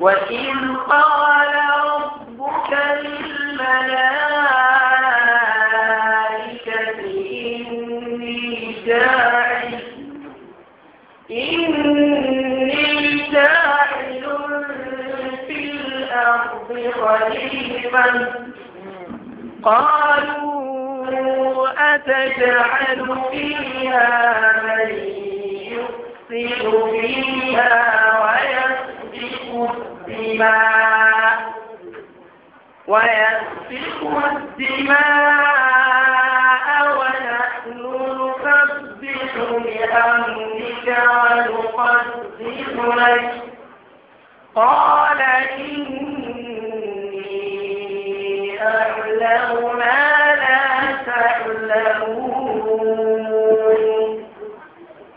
وإن قال ربك للملائكة إني جاعل إني جاعل في الأرض خليفة قالوا أتجعل فيها من يفسد فيها ويفسد الدماء ويسفك الدماء ونحن نسبح بأمرك ونقدس لك قال إني أعلم ما لا تعلمون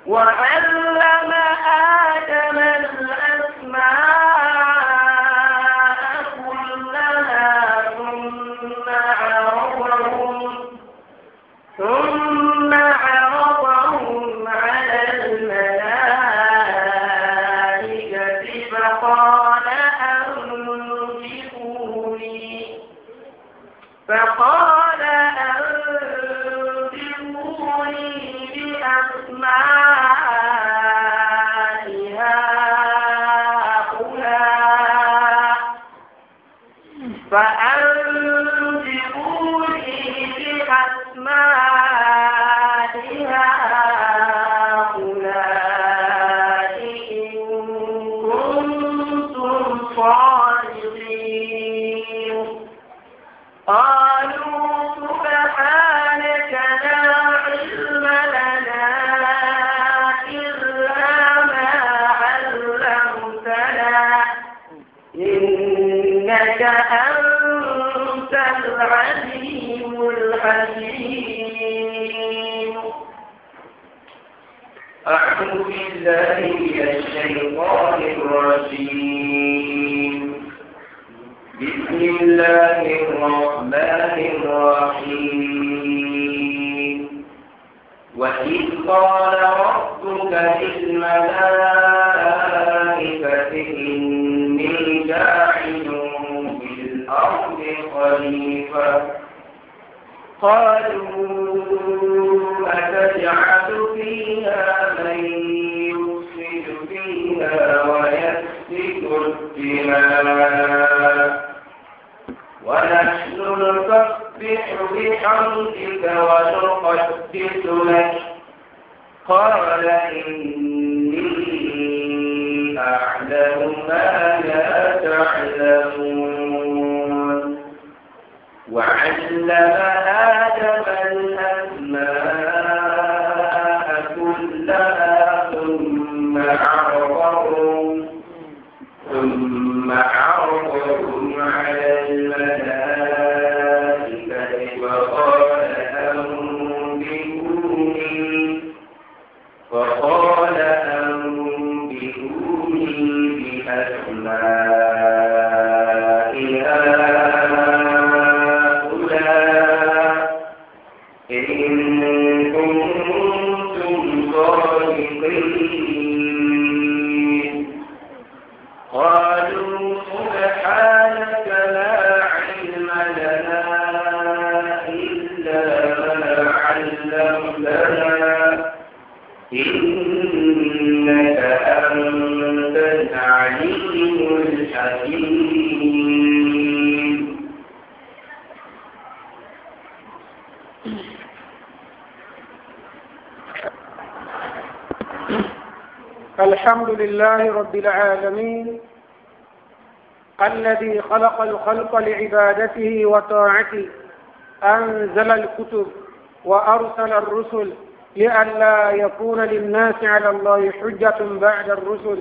وأن بسم الله الرحمن الرحيم وإذ قال ربك للملائكة إني جاعل في خليفة قال ربك ونقدس لك قال إني أعلم ما لا تعلمون وعلم لله رب العالمين الذي خلق الخلق لعبادته وطاعته أنزل الكتب وأرسل الرسل لئلا يكون للناس على الله حجة بعد الرسل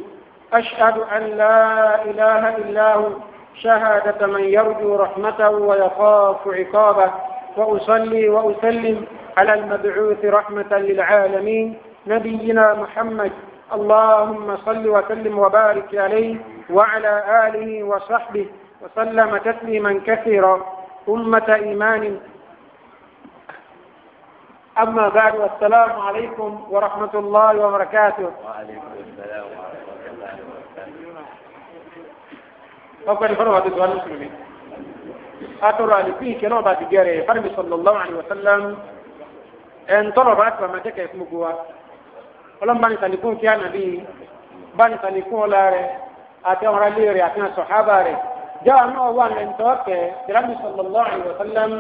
أشهد أن لا إله إلا هو شهادة من يرجو رحمته ويخاف عقابه وأصلي وأسلم على المبعوث رحمة للعالمين نبينا محمد اللهم صل وسلم وبارك عليه وعلى آله وصحبه وسلم تسليما كثيرا أمة إيمان أما بعد والسلام عليكم ورحمة الله وبركاته وعليكم السلام ورحمة الله وبركاته أقول فرما الدول المسلمين أترى لفيه كنوبة جاري فرمي صلى الله عليه وسلم أن طلب أكبر ما تكيف مقوى ọlọ́run bá ní sàlékún kí ànàbí bá ní sàlékún ọlá rẹ̀ àti ọmọ ilé rẹ̀ àti sọ̀hábà rẹ̀ jáwà náà wà lẹ́ńtọ́ kẹ́ tìrámì sallallahu alaihi wasallam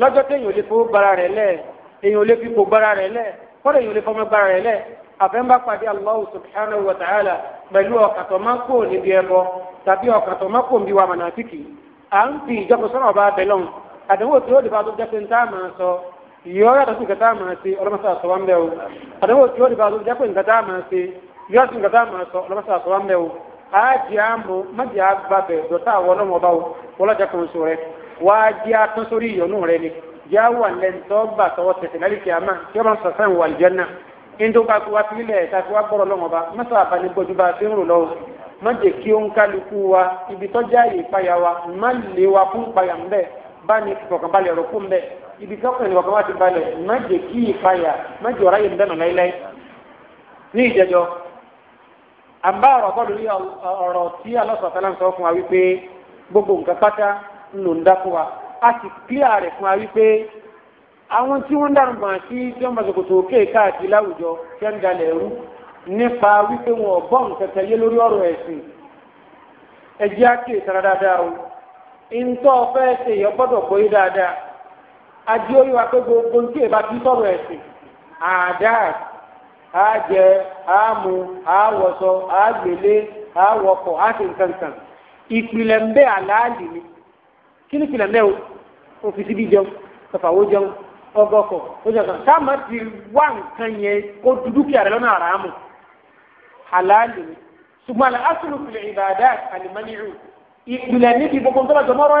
lọ́jọ́ tí èèyàn lè fowó gbára rẹ̀ lẹ̀ èèyàn lè fipò gbára rẹ̀ lẹ̀ kọ́dọ̀ èèyàn lè fọmọ gbára rẹ̀ lẹ̀ àfẹ́ńbà pàdé Allahu subhanahu wa ta'ala pẹ̀lú ọkàn tó máa kó níbi ẹbọ tàbí yóò yàtọ̀ sí nǹkan tá a máa ṣe ọlọ́mọṣà àṣọ wa ń bẹ̀ o àdánwò tí ó di báyìí jẹ́ pé nǹkan tá a máa ṣe yóò sí nǹkan tá a máa sọ ọlọ́mọṣà àṣọ wa ń bẹ̀ o àájì àmọ́ májì àgbàbẹ̀ dọ̀tà àwọn ọlọ́mọ ọba o wọlọ́jà kan sọ rẹ wá jẹ́ atán sórí ìyọnú rẹ ni jẹ́ wà lẹ́ńtọ́ bà tọwọ́ tẹ̀sẹ̀ lálẹ́ kí a máa tí ó bá ń sọ̀sán wà lìjẹ́nà indo bá fi wá sílẹ̀ tá a fi wá gbọ́rọ̀ lọ́wọ́ ba mọ́tò àbánigbọ́jú bá a ti ń rò lọ́wọ́ má jẹ́ kí ó ń kálukú wa ibi tọ́jà ìpayà wa má lè wa fún ìpayà ń bẹ́ẹ̀ bá ní ìfọ̀kànbalẹ̀ rọ̀ fún bẹ́ẹ̀ ibi sọ́kàn ni ọkọ̀ wá ti balẹ̀ má jẹ́ kí ìpayà má jẹ́ ọ̀rá yìí ń dànù láíláí ní ìjẹjọ́ àbá ọ̀rọ̀ bọ́ọ̀lù ní ọ̀rọ̀ tí alọ́sọ̀tà láǹsọ fún wa wípé gbogbo nǹkan pátá ń lò ń dá fún wa a sì kílíà rẹ̀ fún wa wípé àwọn tí wọ́n dàrú mọ̀ sí tí wọ́n bá ṣòkòtò òkè káàkiri láwùjọ tí wọ́n dalẹ̀ rú nípa wípé wọn ò bọ́ nǹkan kan yé lórí ọ̀rọ̀ ẹ̀sìn ẹ̀jẹ̀ á kè sára dáadáa o ìǹtọ́ fẹ́ ṣe ìyọ́ gbọ́dọ̀ gbóyé dáadáa ajé orí wa pé gbogbo ní tí èèbá ti e sọ̀rọ̀ àdá àjẹ àmú àwọ̀sọ àgbélé àwọ̀kọ̀ àti nǹkankan ìpìlẹ̀ ń bẹ́ àlàálì ni kí ni ìpìlẹ̀ ń bẹ́ o fi jẹun kọfàwó jẹun ọgọkọ̀ ó jẹun kan táàmù ti wá nǹkan yẹn kó dúdúkìá rẹ lọ́nà àràámù àlàálì ni ṣùgbọ́n àlẹ́ àṣírí ìpìlẹ̀ ìbàdà àlìmọ́nìyàn ìpìlẹ̀ níbi gbogbo jọmọ́rọ́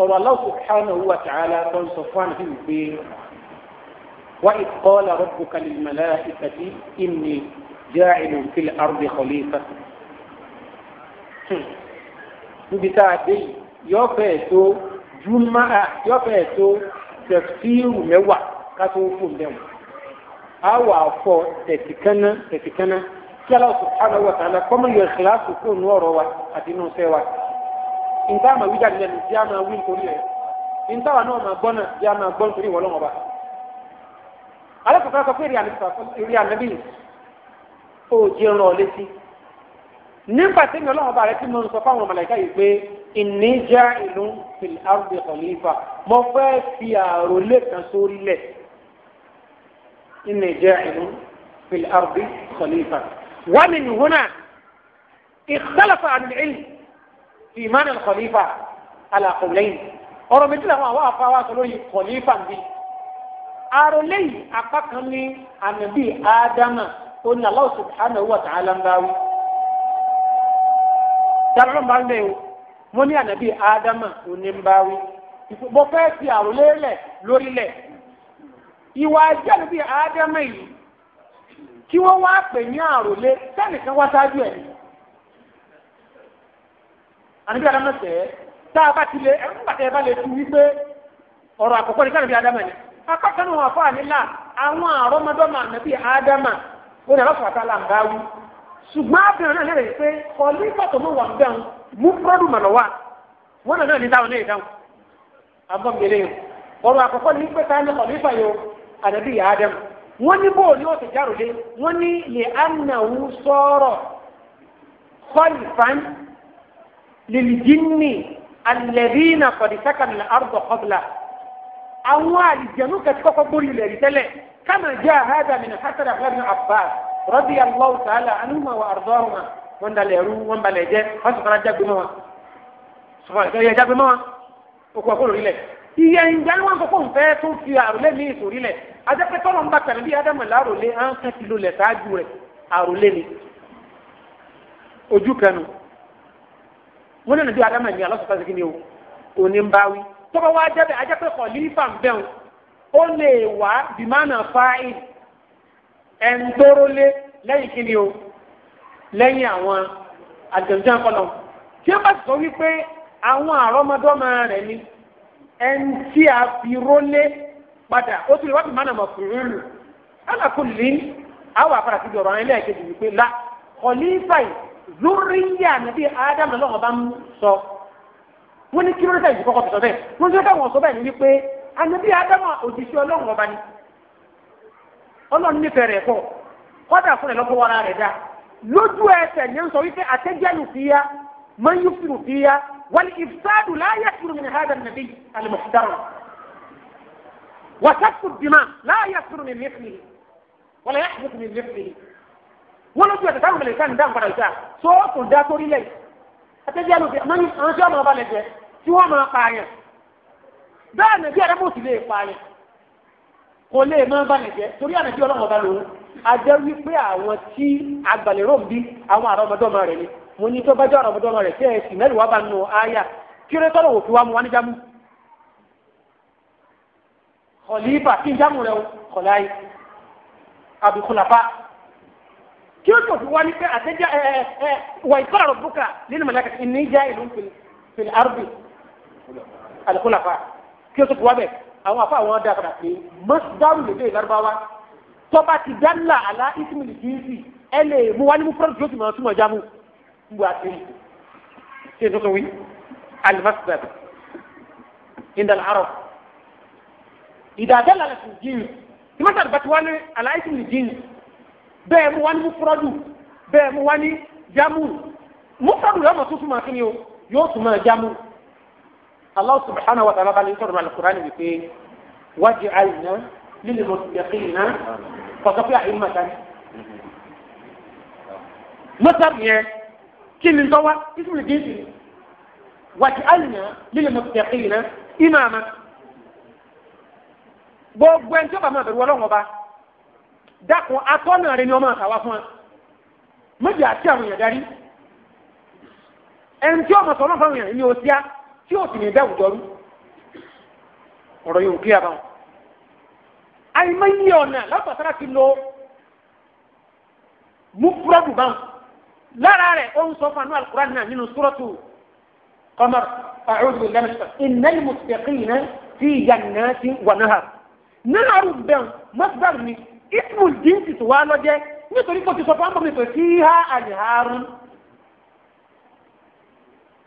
ọ̀rọ̀ Allah subhanahu wa ta'ala tó ń sọ fún àná wípé wa idh qala rabbuka lil mala'ikati inni ja'ilun fil ardi khalifa. Hmm. níbi tá a dé yìí yóò fẹ́ tó júmọ́ à yóò fẹ́ tó tẹ̀síìrù mẹ́wàá ká tó fún bẹ́ẹ̀ mọ́. a wà fọ tẹ̀síkánná tẹ̀síkánná kí Allah subhanahu wa ta'ala kọ́mọ yọ ìkìlá sùkúrù nù ọ̀rọ̀ wa àti nù sẹ́wàá nta ama wi jáde lẹ́nu bí a máa wí nítorí rẹ̀ nta wà náà máa gbọ́ náà bí a máa gbọ́ nítorí wọ́n lọ́wọ́ bá. alákòókò sọ pé ìrìn ànábì ò jẹ́ ń rọ létí nígbà tí mi ọlọ́wọ́ bá rẹ tí mo ń sọ fáwọn màláíkà yìí pé ìní já ìlú fìlì arúgbó kọ̀lífà mo fẹ́ fi àròlé kan sórí lẹ̀ ìní ìlú fìlì arúgbó kọ̀lífà wàmí nìhúnà ikhtalafa àdìlẹ́ ìlú ìmánà kọ̀lífà alàkọ̀lẹ́yìn ọ̀rọ̀ méjì làwọn àwọn afáwá sọ lórí kọ̀lífà bíi àròlé yìí apá kan ní ànàbí ádámà ó ní Allah subhanahu wa ta'ala ń báwí tààrọ̀ ń bá ń bẹ̀ o wọ́n ní ànàbí ádámà ó ní ń báwí mo fẹ́ fi àròlé lórílẹ̀ ìwà ajé ànàbí ádámà yìí kí wọ́n wá pè ní àròlé sẹ́nìkan wá sáájú ẹ̀ àníbí adama sẹ tá a bá ti lé ẹ ẹ bá lè tu wípé ọ̀rọ̀ àkọ́kọ́ ní káàdì adama ni akọkànnì wọn afọ àníla àwọn àrọmọdọ́mọ ànábì adama ó ní ṣùgbọ́n abirùn náà pé kọ́lí bàtọ̀ mọ́ mú mọ̀ lọ́wọ́ wọn náà ní dáhùn náà dáhùn yìí lìlìjínì alẹ́rìnà kọ̀dísákàmì àrùbọ̀ kọ́bìlà àwọn àlìjẹ̀nú kẹ́tí kọ́kọ́ gbórí ilẹ̀ rí tẹ́lẹ̀ kama jẹ́ àhádà mi nà hasan abdulayi abbas rọ́bì allahu ta'ala anuma wa ardọ́huma wọn dalẹ̀ ẹ̀rú wọn balẹ̀ jẹ́ wọn sì fara jágbe mọ́ wọn sọfọ̀n ìtọ́jú ẹ̀ jágbe mọ́ wọn okùn ọkọ̀ lórí lẹ̀ iye ìjà ni wọn kọ́kọ́ nfẹ́ tó fi àròlé mi ìsòrí lẹ̀ adẹ́pẹ́ tọ́lọ̀ ń bá tàbí bí adamu láròlé hàn kẹ́tì lólẹ̀ sáájú rẹ̀ àròlé ni ojú kanu wọn nana bí adama ní alọ́sọ̀tà sí kí ni o òní ń báwí tọ́ba wá jábẹ́ ajápẹ́ kọ̀ lífà ń bẹ̀rù ó lè wá bìmánà fáì ẹ̀ ń tóró lé lẹ́yìn kí ni o lẹ́yìn àwọn àjọ̀jọ́ kọlọ̀ tí ó bá sọ wípé àwọn àrọ́mọdọ́mọ rẹ̀ ni ẹni tí a fi rólé padà ó tún lè wá bìmánà mọ̀ fúrúurú alákùnrin àwọn àfàràfíjọ̀rọ̀ ẹlẹ́ẹ̀kejì wípé la kọ̀lífà yìí zúríyà níbi Adam lọ́wọ́ bá ń sọ wọ́n ní kí ló dé ìdí kọ́kọ́ fi sọ bẹ́ẹ̀ wọ́n ti káwọn sọ bẹ́ẹ̀ ni wípé ànábì Adam òjíṣẹ́ ọlọ́run ọba ni ọlọ́run nífẹ̀ẹ́ rẹ̀ pọ̀ kọ́dà fún ẹ̀ lọ́kọ́ wara rẹ̀ dá lójú ẹsẹ̀ ní sọ wípé àtẹ́jẹ́nu fìyà man yufiru fìyà wal ifsadu la yasiru min hada nabi alimọ̀sidara wàtàkùn dìmá la yasiru min mẹ́fìlì wala yasiru min wọ́n lójú ẹ̀sẹ̀ táwọn mẹlẹ̀ká ní dáhùn padà ìjà sọ́ọ̀tù dá sórí lẹ̀ àtẹ́jẹ́ àlùfẹ́ àmọ́ni àwọn tí wọ́n máa balẹ̀ jẹ tí wọ́n máa pààyàn bẹ́ẹ̀ nàbí àdàbò sì lè pààyàn kò lè máa balẹ̀ jẹ torí ànàbí ọlọ́wọ́ bá lòun àjẹ́ wípé àwọn tí agbàlérò ń bí àwọn àrọ́mọdọ́mọ rẹ̀ ni mo ní tó bá jẹ́ àrọ́mọdọ́mọ rẹ̀ tí ẹ̀sìn mẹ́rin wá bá nù áyà kí ló tọ́lọ̀ wò fi mu wá ní jámù kọ̀líbà kí jámù rẹ̀ kọ̀láyé àbíkúnlápá kí ó tó fi wá ní pé àtẹ́já ẹ ẹ wà ìfọ́nà rọ̀ bùkà nínú mọ̀lẹ́kà ìní já ìlú fìlì arúgbì alukulafa kí ó tó fi wá bẹ̀ àwọn afọ àwọn ọ̀dà padà pé mọ́sídáwù lè dé ìlárúbáwá tọ́ba ti dálà àlá ìsìmìlì kìísì ẹ lè mú wá ní mú fúrọ́dù tó ti mọ̀ ọ́túnmọ̀ jámù ń bu àti ṣe tó wí alimasidat indal arab ìdàdálà lè fi jíìnì tí ti wá ní àlá ìsìmìlì jíìnì bẹ́ẹ̀ mu wá ní mufuradu bẹ́ẹ̀ mu wá ní jamu mufuradu yóò mọ̀ tó túmọ̀ kí ni o yóò túmọ̀ jamu Allah subhanahu wa ta'ala bá lè sọ̀rọ̀ alukurani wípé wájú àyìnà lílè mọ̀tìyàkìnà kọ̀sọ́ pé àyìn màtá ni. mọ́tàbù yẹn kí ni tọ́wá ismu jíǹsì wájú àyìnà lílè mọ̀tìyàkìnà ìmàmà gbogbo ẹni tó bá máa bẹ̀rù ọlọ́wọ́ bá dákun atọ́nà rẹ ni ọmọ àkàwá fún wa méjì àti àwọn èèyàn darí ẹni tí ọmọ sọ̀rọ̀ fáwọn èèyàn ní oṣíà tí ó sì ní dáwùjọ rú ọ̀rọ̀ yóò kí abáwọn. àìmọye ọ̀nà lápàtàrà ti lo mufuradu báwọn lára rẹ̀ ó ń sọ fún anú alukura náà nínú sọ́rọ́tù kọ́mọ́rọ̀ a'udhu billahi minash shaitan innal muttaqina fi jannatin wa nahar nínú àrùn bẹ́ẹ̀ mọ́sibárù ni. ismu jinsi tó wá lọ́jẹ́ nítorí kò ti sọ fún àbọ̀mí pé fi ha àlìhárùn.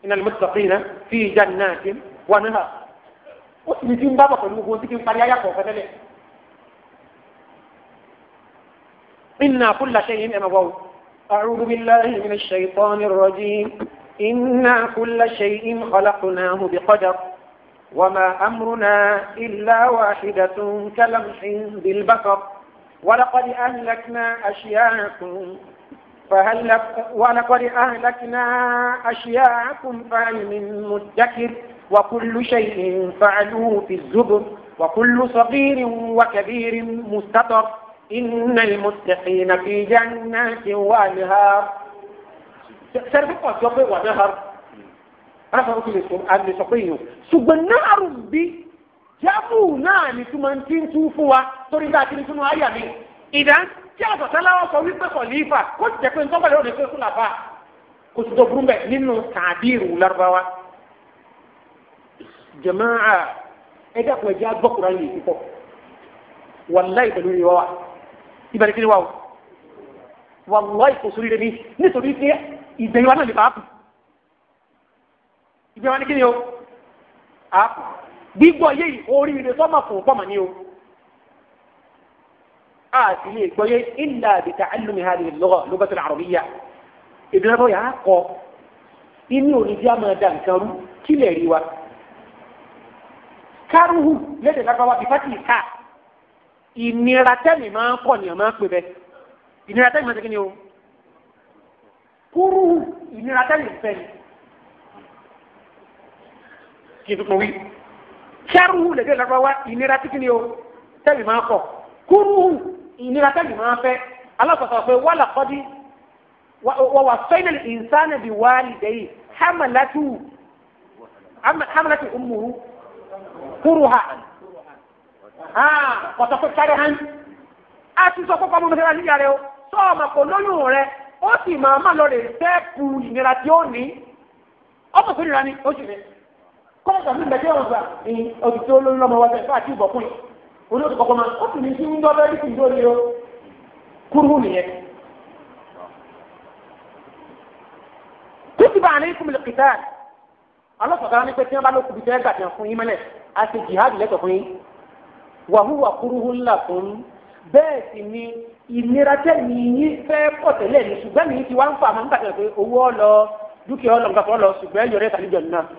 iná ni mo ti sọ fún yìí náà fi ìjà náà kí wà níhà ó sì ní fi ń bá bọ̀ pẹ̀lú gbogbo ohun tí kì í parí ayàpọ̀ ọ̀fẹ́ tẹ́lẹ̀. إنا كل شيء أمضوا أعوذ بالله من الشيطان الرجيم إنا كل شيء خلقناه بقدر وما أمرنا إلا واحدة كلمح بالبصر ولقد أهلكنا أشياءكم فهل ولقد أهلكنا أشياءكم فهل من مدكر وكل شيء فعلوه في الزبر وكل صغير وكبير مستطر إن المتقين في جنات وأنهار سرفق وسوق ونهر أنا سأقول لكم أن سقيه سبنا ربي jámù náà ní túmọ̀ tí ń tú fún wa torí bá a ti ní túnú àyà mi. ìdán tí àtọ̀tẹ́láwọ̀ sọ wípé kọ̀lífà kó ti jẹ́ pé ń tọ́gbàlẹ́ òde pé fún làbá kò sì tó burú bẹ̀ nínú tàbíìrù lárúbáwá. jàmáà ẹ dẹ́kun ẹ̀jẹ̀ agbọ́kùnrin yìí ti pọ̀ wàláì pẹ̀lú ìwà wa ìbẹ̀rẹ̀ kí ni wà o wàláì kò sórí rẹ̀ mi nítorí pé ìgbẹ̀yìn wa náà lè bá a kù ìgbẹ̀yìn wa ní kí ni o a gbígbọ́ yé oríire sọ́mà fún pọ́mà ní o a sì lè gbọ́ yé ilà bi ta'allumi hadhihi al-lugha al-lughah al-arabiyya ìdílé bọ́ yà á kọ́ inú onídìí àmà dà nǹkan rú kílẹ̀ rí wa kárùhù lédè lágbàwá bí fati ká ìnira tẹ́mi máa ń pọ̀ ní ọmọ pé bẹ́ẹ̀ ìnira tẹ́mi máa ń tẹ́kí ni o kúrúhù ìnira tẹ́mi fẹ́ ni kí n tó kọ wí sharuhu lẹ́gbẹ́ lọ́wọ́ ìnira títí ni o tẹ́lẹ̀ máa kọ̀ kúrúhù ìnira tẹ́lẹ̀ máa fẹ́ alákọ̀ọ́sọ pé wàlà kọ́dí wà wà fẹ́nẹ̀l ìnsánà bí wàlì dẹ́yì hamalatu hamalatu umuhu kúrúhà kọ̀tọ̀ pé kárí hàn á ti sọ kókó ọmọ mẹ́tẹ́lá níyàrá o sọ ọmọ kò lóyún rẹ ó sì máa má lọ rè sẹ́ẹ̀pù ìnira tí ó ní ọ̀pọ̀ tó nira ni ó sì ní kọ́lá tàbí ìgbàjẹ́ ọ̀gbà ní ọdún tí ó lórí lọ́mọ wájú ẹ̀fọ́ àti ìbọ̀kún yìí orí oṣù kọ̀ọ̀kan máa ó sì ní sí ń dọ́ bẹ́ẹ̀ kì í lórí o kúrú nìyẹn. kútìbà àlẹ́ ìkùn mílíọ̀kì táà ọlọ́sọ̀tà ní pé tí wọ́n bá lókùbí tẹ́ gbà tẹ̀ fún yín mẹ́lẹ̀ á ti jihad lẹ́tọ̀ fún yín wàhúwà kúrúhù ńlá fún bẹ́ẹ̀ sì ni ìnira tẹ̀mí yín fẹ́ pọ̀ tẹ́lẹ̀ ní ṣùgbọ́n mi ti wá ń fà máa ń gbàgbé owó ọlọ dúkìá ọlọ nǹkan fọlọ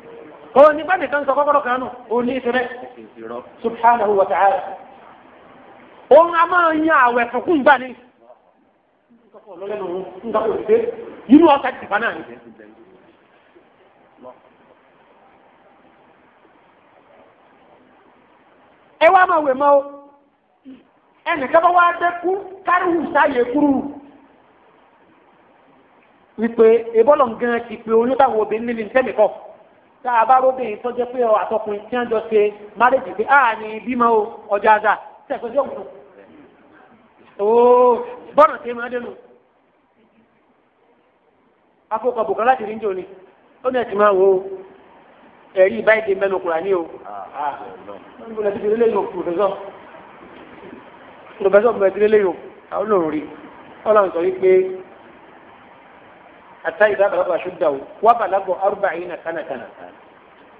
òun ní bẹ́ẹ̀ nìkan sọ kọ́kọ́rọ́ kan nù òun ní ìfẹ́ bẹ́ẹ̀ subhanahu wa ta'ala òun a máa yan àwẹ̀ fúnkún gbà ní. inú ọ̀sẹ̀ tìpa náà ni. ẹ wá máa wẹ̀ mọ́ ẹnìkan bá wá dẹ́kú káríwù sáyé kúrú wípé ebọ́lọ̀ gan ti pé oyún táwọn obìnrin níbi ń tẹ́lẹ̀ tá a bá róbìnrin tó jẹ́ pé àtọkùnrin tí wọ́n jọ ṣe márèjì pé áà ah, ní bímọ o ọjà àzà tẹ̀sán yóò wù ooo bọ́ọ̀nà tí ma dénú akókò bùkọ́ láti rí ń jò ní ó ní ẹ̀sìn máa wo ẹ̀rí báyìí ti mẹ́nu kùrà ní o ọ̀nbùnà ti fi lélẹ́yìn o pòfẹ́sọ̀ pòfẹ́sọ̀ bùnà ti lélẹ́yìn o àwọn ọlọ́run sọ wípé ata ìdá balaba aṣọ́dáwò wà balabọ̀ arúbáyé na kánakánà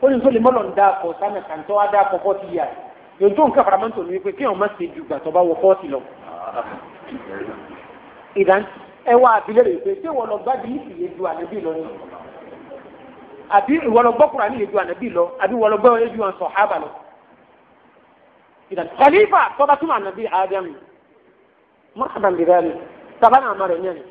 ó ní sọ́lé mọ́lọ̀ ń dá akọ kánakán tó wá dá akọ fọ́ọ̀tì yá yòó tó nǹkan faramọ́ntò ní wípé kí wọ́n má ṣe ju gbà tó bá wọ fọ́ọ̀tì lọ. ìdáhùn ẹ wá abilé rẹ̀ pé ṣé wọ́n lọ gbá bíi ìyè ju ànábì lọ ni àbí ìwọ́n lọ gbọ́kùnrin àní ìyè ju ànábì lọ àbí ìwọ́n lọ gbọ́ ìyè ju àwọn sọ̀hábà lọ. ìdáhùn kọ́lífà tọ́ba túmọ̀ ànábì ádámù mọ́ àbàmì rẹ̀ ni tàbá náà má rẹ̀ ní ẹ̀yìn.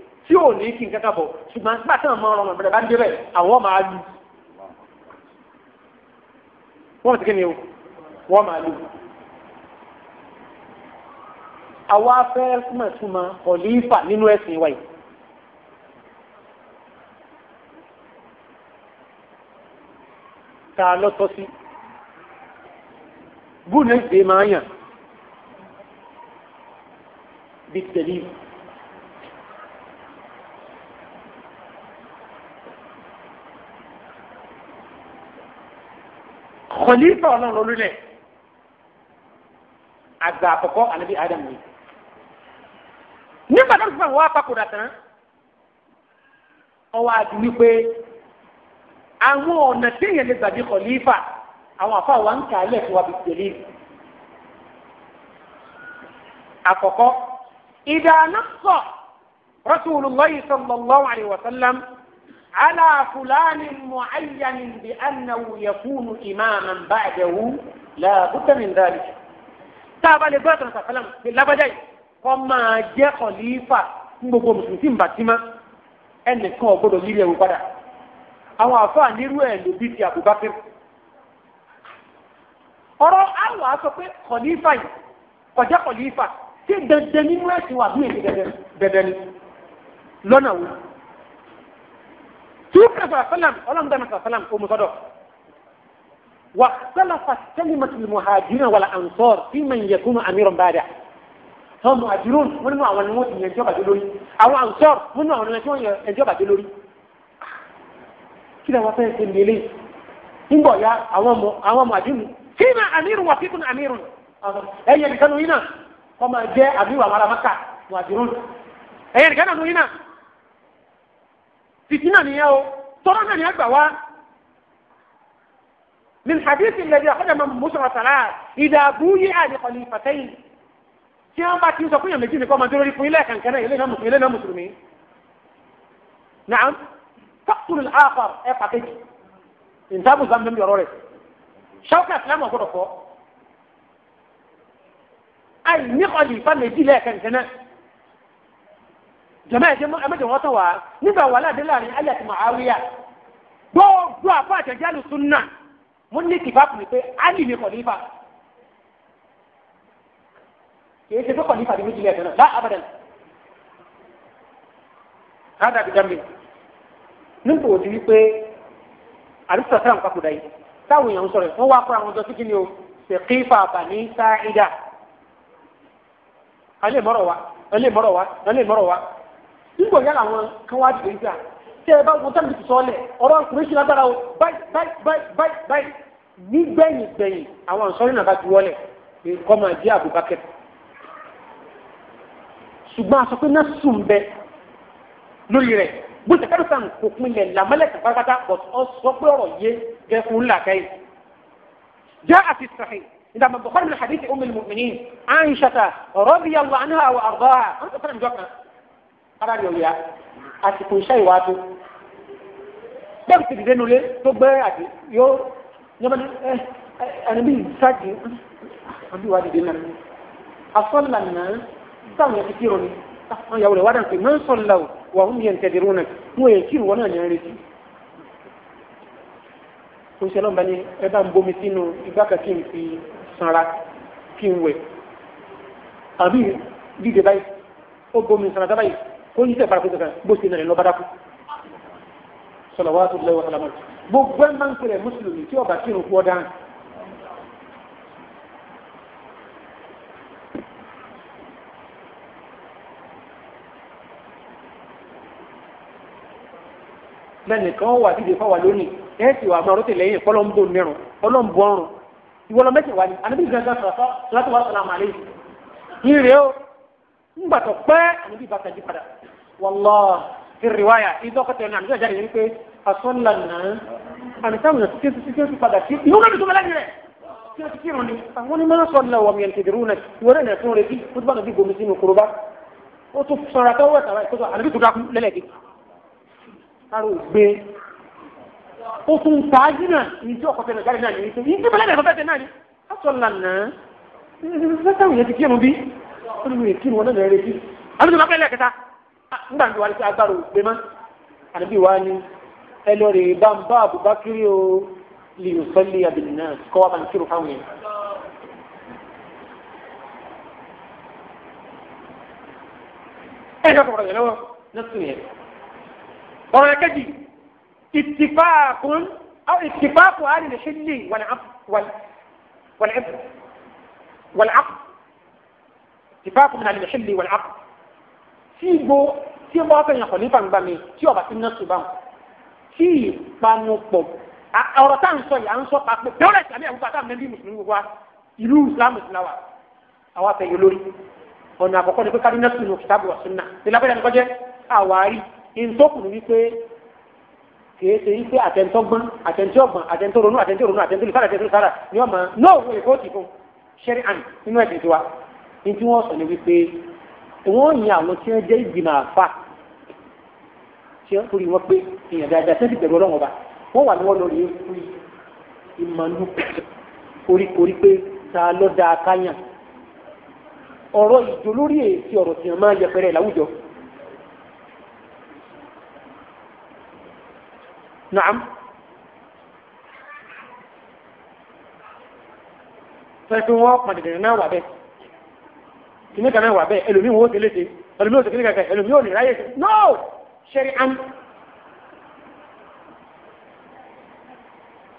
tí ò ní kí n kankan bọ̀ ṣùgbọ́n nígbà tí wọ́n mọ ọrọ̀ ọ̀bẹ̀rẹ̀ bá ń débẹ̀ àwọn máa lu wọ́n ti kí ni o wọ́n máa lu. àwa fẹ́ túmọ̀túmọ̀ kọ̀lífà nínú ẹ̀sìn wa yìí. ta lọ́tọ́ sí bùnú máa yàn bí tẹ̀lé yìí. kọ̀lífà ọlọ́run lórílẹ̀ àgbà àkọ́kọ́ ànábì Ádámù ni nígbà tó ń sọ̀rọ̀ wá papòdà tán ọwọ́ àti wípé àwọn ọ̀nà tí èèyàn lè gbàdí kọ̀lífà àwọn àfa wa ń kà á wa bí tẹ̀lé àkọ́kọ́ ìdáná sọ Rasulullahi sallallahu alaihi wasallam. على فلان معين بأنه يكون إماما بعده لا بد من ذلك تابع لبعض الكلام لا بدأي كما جاء خليفة gbogbo mùsùlùmí ń bàtímá ẹnìkan ọgbọ́dọ̀ lílẹ̀ ẹ̀wò padà àwọn àfáà nírú ẹ̀ ló bí ti Abubakar ọ̀rọ̀ àwọn aṣọ pé kọ̀lífà yìí kọjá kọ̀lífà tí dandan nínú ẹ̀sìn wà bí èdè dandan ni lọ́nà wo tuukara sọ̀rọ̀ sálàm ọlọ́mọdéma sọ̀rọ̀ sálàm o musọdọ wa sálàfà sẹ́limatul muhajirin wàlà ansọ́r fíìmà ń yẹkùn amíràn báyà àwọn muhajirun wọn nínú àwọn ni wọn ti yẹn jọba dé lórí àwọn ansọ́r wọn nínú فتنة نياو طرنا نياك بوا من حديث الذي أخذ من مصر صلاة إذا بويع لخليفتين كي أم باتي يوزا كوية مجيني كوما دولي كوية لكن كان إلينا مسلمين نعم تقتل الآخر أي فاكيك إن تابو زمدم يروري شوكا سلام وكرفو أي نقلي فمجي لكن كان jọba ẹ mẹjọ wọn tàn wá nígbà wàhálà dé láàrin Ali àti Muawiya gbogbo àpá àtẹjáde sunna mo ní kìfàpù ni pé Ali ni kọlífà kìí ṣe pé kọlífà ni méjìlá ẹ̀fẹ̀ náà lá abadan hádà bí dámì nígbà òdi wípé àdúgbò sọ̀rọ̀ nǹkan kúdà yìí táwọn èèyàn ń sọ̀rọ̀ wọ́n wá fún àwọn ọjọ́ sí kí nígbò yá làwọn kan wá dìde gbà tẹ ẹ bá wọn tẹ́lẹ̀ ti sọ́ọ́lẹ̀ ọ̀rọ̀ ọkùnrin sí lágbára o báyìí báyìí báyìí báyìí nígbẹ̀yìn gbẹ̀yìn àwọn àǹsọ́rí náà bá ti wọlé kọ́ máa jẹ́ àbúbákẹ́ ṣùgbọ́n aṣọ pé náà sùn bẹ lórí rẹ̀ bó ṣe kẹ́rù sàn kò pinlẹ̀ làmọ́lẹ̀ pátápátá but ọ sọ pé ọ̀rọ̀ yé gẹ́ fún làkàyè jẹ́ àti sàhìn ìdààmú bọ̀kọ́rọ̀ mi hadith ummul mu'minin Aisha radiyallahu anha wa ardaha ara rẹ̀ ọ̀yà àsìkò iṣẹ́ ìwà tó bẹ́ẹ̀ ti dìde nulẹ̀ tó gbẹ́ àti yóò yọmọdé ẹ ẹni bí ìsáàjì àbí wà dìde nàní asọ́là náà táwọn yẹn ti ni àwọn ìyàwó rẹ̀ wá dàn pé mọ́ sọ́là o wà hún yẹn tẹ̀dẹ̀ rún náà wọ́n yẹn kírun wọn náà yẹn retí. o ṣe lọ́nba ni ẹ bá ń bomi sínú igbá kan kí n fi sanra kí n wẹ̀ àbí dìde báyìí ó bomi sanra dábàyìí kó yíṣẹ́ ìbára pẹ̀lú kan bó ṣe nàrẹ̀ lọ bá dákú sọlọ́wọ́ àtúndínlẹ́wọ̀ sọlọ́mọ́ gbogbo ẹ̀ máa ń pèrè mùsùlùmí tí ọba kírun kú ọ̀daràn lẹ́nìkan wà dídè fáwà lónìí ẹ̀ sì wà máa rọ́tẹ̀ lẹ́yìn fọlọ́mbò mẹ́rùn fọlọ́mbò ọrùn ìwọlọ mẹ́sẹ̀ wà ní ànábì gbẹ̀ngàn sọ̀rọ̀sọ́ láti wà sọ̀rọ̀ àmàlẹ́ yìí rí o ń gbàtọ̀ pẹ́ ànábì bá tají padà. والله في الرواية إذا قلت أن عمزة جاري يقول أصلى الناس أنا سامنا سكيت سكيت فدا سكيت يوم أنا بتقول لك كثيرني أولي ما صلى وهم ينتظرونك ولا نكون ربي كنت بنا في قومسين وقربا وتف صلاة وتوى كنت أنا بيت دراك للاقي أرو بي وتم تاجنا نجوا قتنا جاري ناني يجي بلا نفهم بس ناني أصلى الناس فتاوي يتكلمون بي كل يتكلمون أنا ربي أنا بقول لك كذا nígbà tí wà ní agbára òpè mọ́ àdébí wa ni ẹ lọ rè bá ń bá àbúbákírí o lè yóò sọ́lé abìnrin náà kọ́ wa bá ń kírun fáwọn yẹn. ẹ̀ka kọ̀ọ̀rọ̀ yẹn lọ́wọ́ nọ́ọ̀sì yẹn. ọ̀rọ̀ yẹn kẹ́jì ìtìfáàkùn ìtìfáàkùn àlè lè ṣe lè wàlẹ̀ àpò wàlẹ̀ àpò ìtìfáàkùn àlè lè ṣe lè wàlẹ̀ àpò. tí igbó tí ó bá fẹ́ yàn kọ̀lífà ń gbà mí tí ọba ti ná sí bá wọn tí ìpanupọ̀ ọ̀rọ̀ tá à ń sọ yìí à ń sọ papọ̀ bẹ́ẹ̀rẹ̀ ìsàmì àwọn bàtà mẹ́bí mùsùlùmí wa ìlú islam ìsìláwà àwọn afẹ́yẹ lórí ọ̀nà àkọ́kọ́ ni pé kárí nẹ́sùn ní kìtàbù wà sunna nílábẹ́rẹ́ ni kọjẹ́ àwárí ìntòkùn wípé kìí ṣe wípé àtẹ̀ntọ́gbọ́n àtẹ̀ntọ́gbọ́n àtẹ̀ntọ́ronú àtẹ̀ntọ́ronú àtẹ̀ntọ́lùfàrà àtẹ̀ntọ́lùfàrà ni ọmọ náà wọ ìkóòtì fún ṣẹ́rí àn nínú ẹ̀sìn tiwa ní tí wọ́n sọ ni wípé wọ́n yin àwọn tí wọ́n jẹ́ ìgbìmọ̀ àfa tí wọ́n torí wọn pé èèyàn dáadáa tẹ́sí pẹ̀lú ọlọ́run ọba wọ́n wà ní wọ́n lọ rí fún ìmọ̀lú koríkorí pé ta ló da akáyàn ọ̀rọ̀ ìjọ lórí èsì ọ̀rọ̀ tí wọ́n máa yẹpẹrẹ láwùjọ. Naam. fẹ́ẹ́ fi wọ́n pàdé náà wà bẹ́ẹ̀ kìnní kan wà bẹ́ẹ̀ ẹlòmíì wọ́n ó tẹ̀lé ṣe ẹlòmíì ó tẹ̀lé kankan ẹlòmíì ó lè ráyè ṣe no ṣẹ́rí án.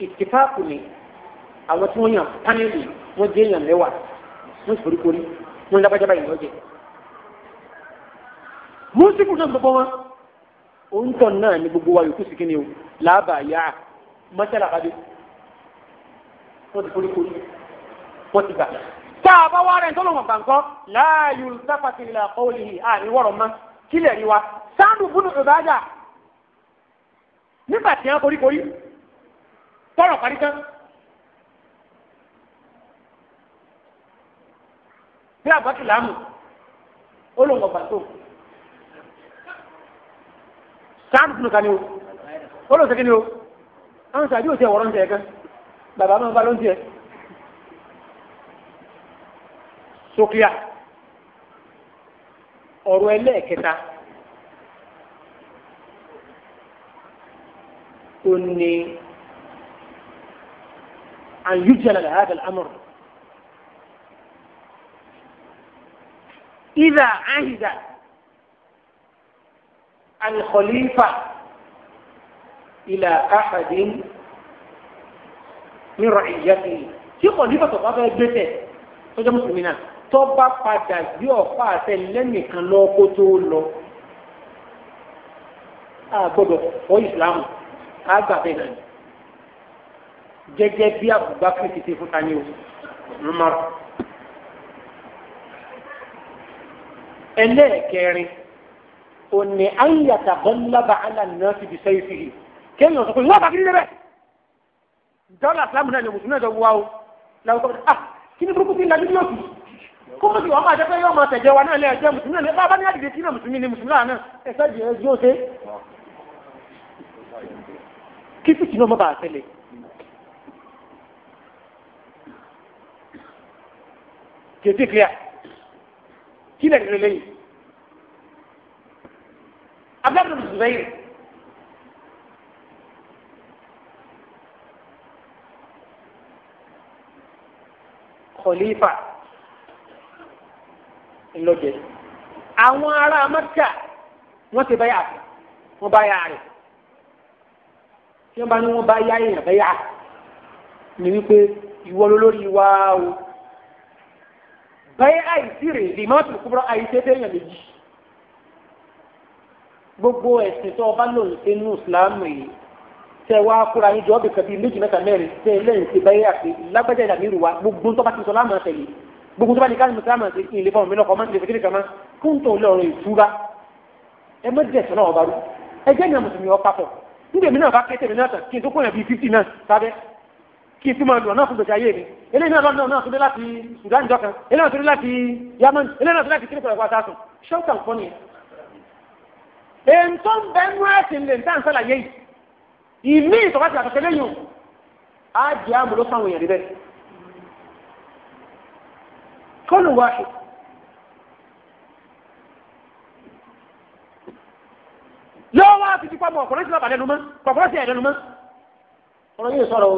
ìtìfáàkù ni àwọn tí wọ́n yàn pánẹ́lì wọ́n jẹ́ èèyàn lẹ́wà wọ́n sì foríkorí wọ́n lábájábá ìlú ọ̀jẹ̀. mùsùlùmí náà gbogbo wọn òǹtọ̀ náà ni gbogbo wa yòókù sí kíni o làbà yá mọ́tẹ́lá kadé wọ́n ti foríkorí wọ́n ti gbà tá a bá wá rẹ̀ tó lọ́wọ́ gbàǹkọ́ láàyò sáfàtì ìlà kọ́ọ̀lì àríwọ̀rọ̀ mọ́ kílẹ̀ rí wa sáàdù fún ìbájà nígbà tí wọ́n koríkorí tọrọ parí tán. bí àgbàkì láàmù ó lòun ọgbà tó sáàdù fún ìkànnì o ó lòun sẹ́kẹ́ni o àwọn sàdí ò tiẹ̀ wọ̀rọ̀ ń tiẹ̀ gan bàbá máa ń bá ló ń tiẹ̀. sókíà ọ̀rọ̀ ẹlẹ́ẹ̀kẹta ó ní àyùjẹ́ lẹ́la hàdà lámọ̀rọ̀ إذا عهد الخليفة إلى أحد من رعيته في خليفة تقابل بيته تجمع مؤمنات tọ́ba padà gbé ọ̀pá àtẹ lẹ́nìkan lọ kó tó lọ a gbọ́dọ̀ fọ́ ìsìláàmù a gbà bẹ́ẹ̀ náà gẹ́gẹ́ bí àbùgbà fún títí fún tani o Umar ẹlẹ́ẹ̀kẹrin òní àyàtà bọ́lábà aláàlá ti bí sẹ́yìn fìhì kéèyàn sọ pé wọ́n bá lẹ́bẹ̀ dọ́là sàmúnà ni mùsùlùmí ẹ̀dọ̀ wá o ah kí ni burúkú ti lajú lọ́sùn kó mùsùlùmí ọmọ àjẹpẹ́ yóò máa tẹ̀jẹ́ wa náà lé ẹjẹ́ mùsùlùmí náà lé bá bá ní àdìdè tí náà mùsùlùmí ni mùsùlùmí náà ẹ̀fẹ́ jẹ́ ẹjọ́ ṣe. kí fìtì náà má bàa ṣẹlẹ̀. kèsì clear kí lè rẹ lẹ́yìn. abúlé mùsùlùmí lẹ́yìn. Khalifa ńlọjẹ àwọn ará Mẹ́kà wọ́n ti báyà fún wọ́n báyà rẹ̀ tí wọ́n bá ní wọ́n báyà èèyàn báyà ni wípé ìwọ lólórí wa o báyà àìsí rè lè má tún kúrò àìsí ẹgbẹ́ èèyàn méjì gbogbo ẹ̀sìn tó ọba lòun ṣe nù ìsìláàmù yìí tẹ wá kúra yín jọ ọ́ bìkan bíi méjì mẹ́ta mẹ́rin tẹ lẹ́yìn ti báyà pé lágbájá ìdàmírù wa gbogbo tó bá ti sọ láàmú àtẹ̀lé gbogbo tó bá di káàdì mùsùlùmí àti ilé fún mi lọkọ máa ń lè fẹkẹrẹ kama fún tó lọrọ ìtura ẹ má jẹ sọ náà ọba rú ẹ jẹ ní àmùsùlùmí ọpa pọ níbi èmi náà bá ké tèmi náà tàn kí n tó kó yẹn bíi fifty náà sábẹ kí n tó máa lọ náà fún gbèsè ayé mi eléyìí náà lọ́nà náà tóbi láti Sudan jọ kan eléyìí náà tóbi láti Yamani eléyìí náà tóbi láti kíríkọ̀ọ́ ẹ̀kọ́ àtàkùn ṣọ́ọ̀tàn fọ́ ni. èntó ń bẹ nú ẹ̀sìn lè ń tà ń sálàyé yìí ìmí ìtọ́wá ti àtọ̀tẹ́lẹ́yìn á jẹ́ قول واحد yóò wá fi tipa mọ ọkùnrin sílọ àbàlẹnu mọ kọkọrọ sí ẹdẹnu mọ. ọ̀rọ̀ yìí sọ̀rọ̀ o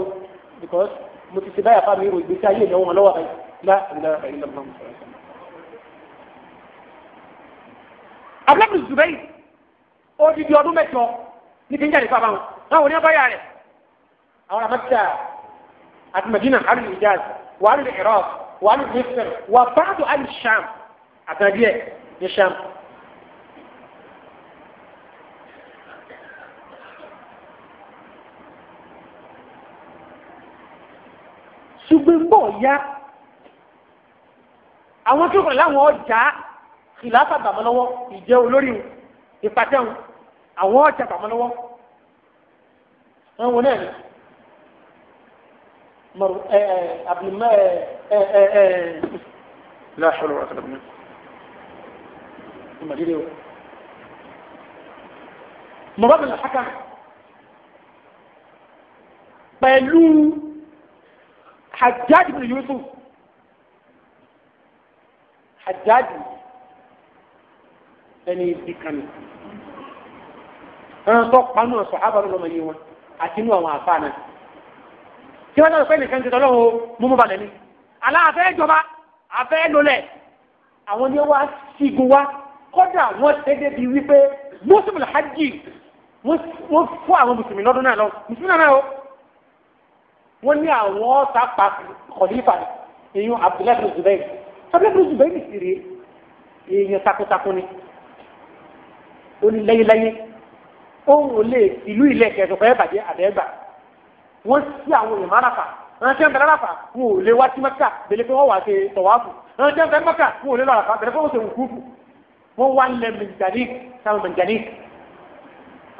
because mo ti ṣe báyà fáwọn mi ro ìgbésí ayé ìnáwó lọ́wọ́ rẹ̀ àwọn amẹ́tíà وعن مصر وبعض عن الشام أكادية الشام ṣùgbọ́n bọ̀ ya àwọn tó kàn láwọn ọjà ìlàfà bàmọ́lọ́wọ́ ìjẹ́ olórí ìpàtẹ́hùn àwọn ọjà bàmọ́lọ́wọ́ wọn wọn náà ni مر... ابن آه، آه، ما آه، لا حلو اقرب منك مراد الحكم بلو حجاج بن يوسف حجاج اني بكن انا صح قالوا الصحابه رضي الله عنهم اكنوا ما فانا tí wọ́n sọ̀rọ̀ pé nìkan ti tọ́lọ́ o mú mú balẹ̀ ni aláàfẹ́ ìjọba àfẹ́ lólẹ̀ àwọn ni wá sígun wá kọ́dà wọ́n ṣe débi wípé mùsùlùmí hajj wọ́n fún àwọn mùsùlùmí lọ́dún náà lọ mùsùlùmí náà o wọ́n ní àwọn ọ̀sà pa kọ̀lífà èèyàn Abdullahi bin Zubair Abdullahi bin Zubair sì rèé èèyàn takuntakun ni ó ní lẹ́yìnlẹ́yìn ó ń lè ìlú ilẹ̀ kẹsàn-án fẹ́ bàjẹ́ àbẹ́gbà wọ́n sí àwọn èèyàn máràfà àwọn tí wọ́n bẹ̀rẹ̀ máràfà wọn ò lè wá sí mẹ́kà bẹ̀rẹ̀ pé wọ́n wà ṣe tọ̀wáfù àwọn tí wọ́n bẹ̀rẹ̀ mẹ́kà wọn ò lè lọ àràfà bẹ̀rẹ̀ pé wọ́n ṣe wùkúfù wọ́n wá lẹ̀ mẹ̀jáník sáwọn mẹ̀jáník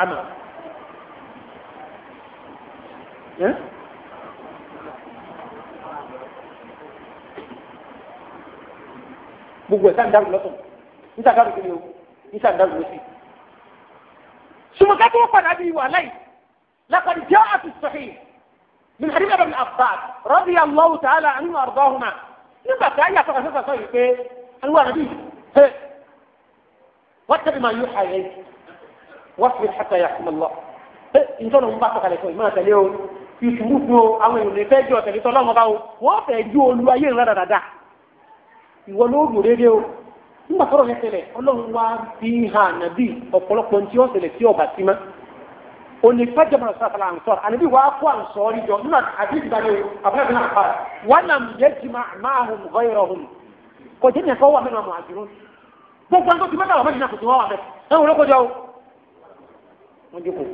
àmà. gbogbo ẹ̀ sáà ń dárò lọ́sọ̀ọ́ níta dárò kiri o níta dárò lọ́sì. sùmọ́ká tó padà bí wàhálà yìí lápàdé jẹ́ àtúnṣe من حديث ابن عباس رضي الله تعالى عنه وارضاهما nígbà tí ayé àtọ́ka sọ́sọ́ sọ́yìn pé alúwa nàbí ṣe wọ́n tẹ̀lé máa yú ààyè wọ́n fi ṣàtà yà fún lọ. ṣé ìjọba ń bá tọ́ka lẹ́kọ̀ọ́ ìmọ̀ àtẹ̀lé o fi sùúrù fún o àwọn èèyàn lè fẹ́ jọ tẹ̀lé tọ́ lọ́wọ́ bá o wọ́n fẹ́ ju olú ayé ńlá dàdà. ìwọ ló rò déédéé o nígbà tọ́rọ̀ yẹn ṣẹlẹ̀ ọlọ́run wá fi hàn nàbí ọ̀pọ̀lọpọ̀ ntí ọ̀ṣẹlẹ̀ tí ọ̀bà ti máa oni fajama sasala ansor anabi waa ko ansori jɔ nuna hadith bani abdulayi bin abbas walam yajma maahum ghayrahum ko jɛn ko wa mɛna muhajirun ko kwan ko tuma ka wa mɛna ko tuma wa mɛ ɛn wolo ko jɔ o ji ko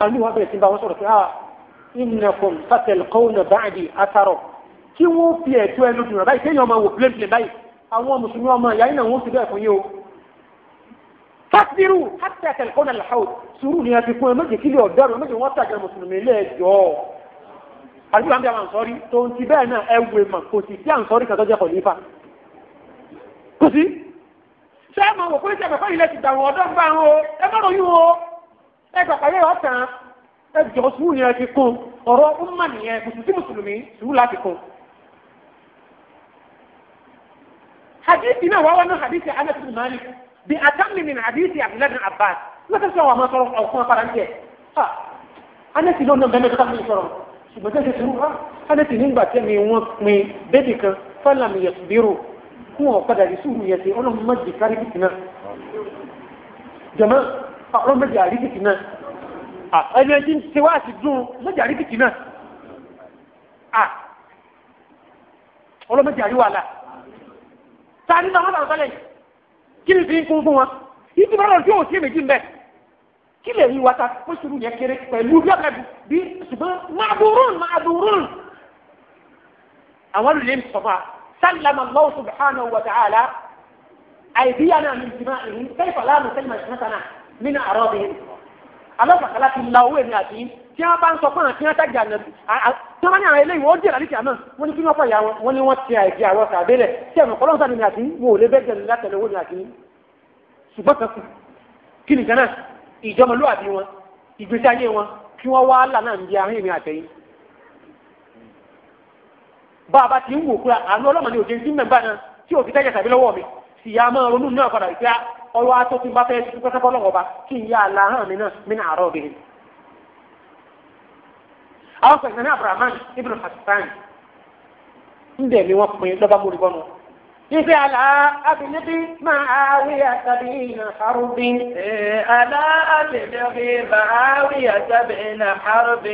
anabi waa bɛrɛ sinba wɔsɔrɔ ko aa ah, innakum satalqawna ba'di atharo kí wọ́n fi ẹ̀tọ́ ẹ lójú rẹ̀ báyìí kéèyàn máa wò plénplé báyìí àwọn mùsùlùmí ọmọ ìyá yìí náà wọ́n ti bẹ́ẹ̀ fún yín o fasiru hata tẹlifon alahaw sùúrù ni a ti kún ẹ méjì kílì ọ̀dọ́ rẹ méjì wọ́n tàgé mùsùlùmí lẹ́ẹ̀jọ́ àti bàbá àwọn àǹsọ́rí tó ń ti bẹ́ẹ̀ náà ẹ wè mà kò sì sí àǹsọ́rí kan tó jẹ́ kọ̀lífà kò sí. ṣé ẹ máa wò pé ṣe àgbàkọ́ ilẹ̀ ti dà wọ́n gbà wọn o ẹ má lóyún o ẹ gbàgbà yẹ ọ̀tàn ẹ jọ sùúrù ni a ti kún ọ̀rọ̀ ọmọ nìyẹn mùsùlùmí mùsùlùmí sùúrù láti kún. hadithi náà wá wá hadithi Anas bin bí atamni min hadithi abdullahi bin abbas lọ́sẹ̀ sọ wàá ma sọ̀rọ̀ ọ̀kun afárá ń jẹ ha anẹ́tì lọ́nà bẹ́ẹ̀ mẹ́tọ́ká mi sọ̀rọ̀ ṣùgbọ́n tẹ́sí sùúrù ah, ha anẹ́tì nígbà tẹ́ mi wọ́n pin bébì kan fọlá mi yẹ̀sùn bírò fún ọ̀padà rí sùúrù yẹ̀sẹ̀ ọlọ́run má jì kárí fìtìnà jọ̀mọ́ ọlọ́run ah, má jì àrí fìtìnà ah, ẹni ẹjí ń ṣe wá sí dùn kí ni fi ń kún fún wọn ìdí bá lọ sí òsì méjì ń bẹ kí lè rí wata fún sùúrù yẹn kéré pẹ̀lú bí yọ̀ọ̀kẹ́ bí ṣùgbọ́n màdùrún màdùrún àwọn olùlé sọ̀fà sálàmà Allah subhanahu wa ta'ala àìdíyànà min jima'ihim kayfa la nusallimu sinatana min a'radihim alábàkálá ti la owó èmi àti tí wọn bá ń sọ fún àwọn tí wọn tàgé ànàbì tí wọn bá ní àwọn eléyìí wọn ó dèrò àlìkì àná wọn ní kí wọn fọyà wọn wọn ní wọn ti àìjẹ àwọn sàbẹlẹ tí àwọn kọlọ́n sàbẹlẹ àti wọn ò lè bẹ́ẹ̀ jẹun látẹ̀lé owó ni àti ṣùgbọ́n kan kù kí nìkan náà ìjọmọlúwàbí wọn ìgbésí ayé wọn kí wọ́n wá là náà ń di àárín èmi àtẹ̀yìn bá a bá ti ń wò kúra àánú ọlọ́mọ ni òjò ọwọ́ aṣọ tí n bá fẹ́ dúpẹ́ sẹ́fọ́ lọ́wọ́ bá kí n yá àlá hàn mí náà mí náà àárọ̀ bẹ́ẹ̀. àwọn pẹ̀lú ní Abraham ibn Hassan ń dẹ̀ ni wọ́n pin lọ́ba mórí bọ́nu إذا لا أبلغ معاوية بين حرب ألا أبلغ معاوية بين حرب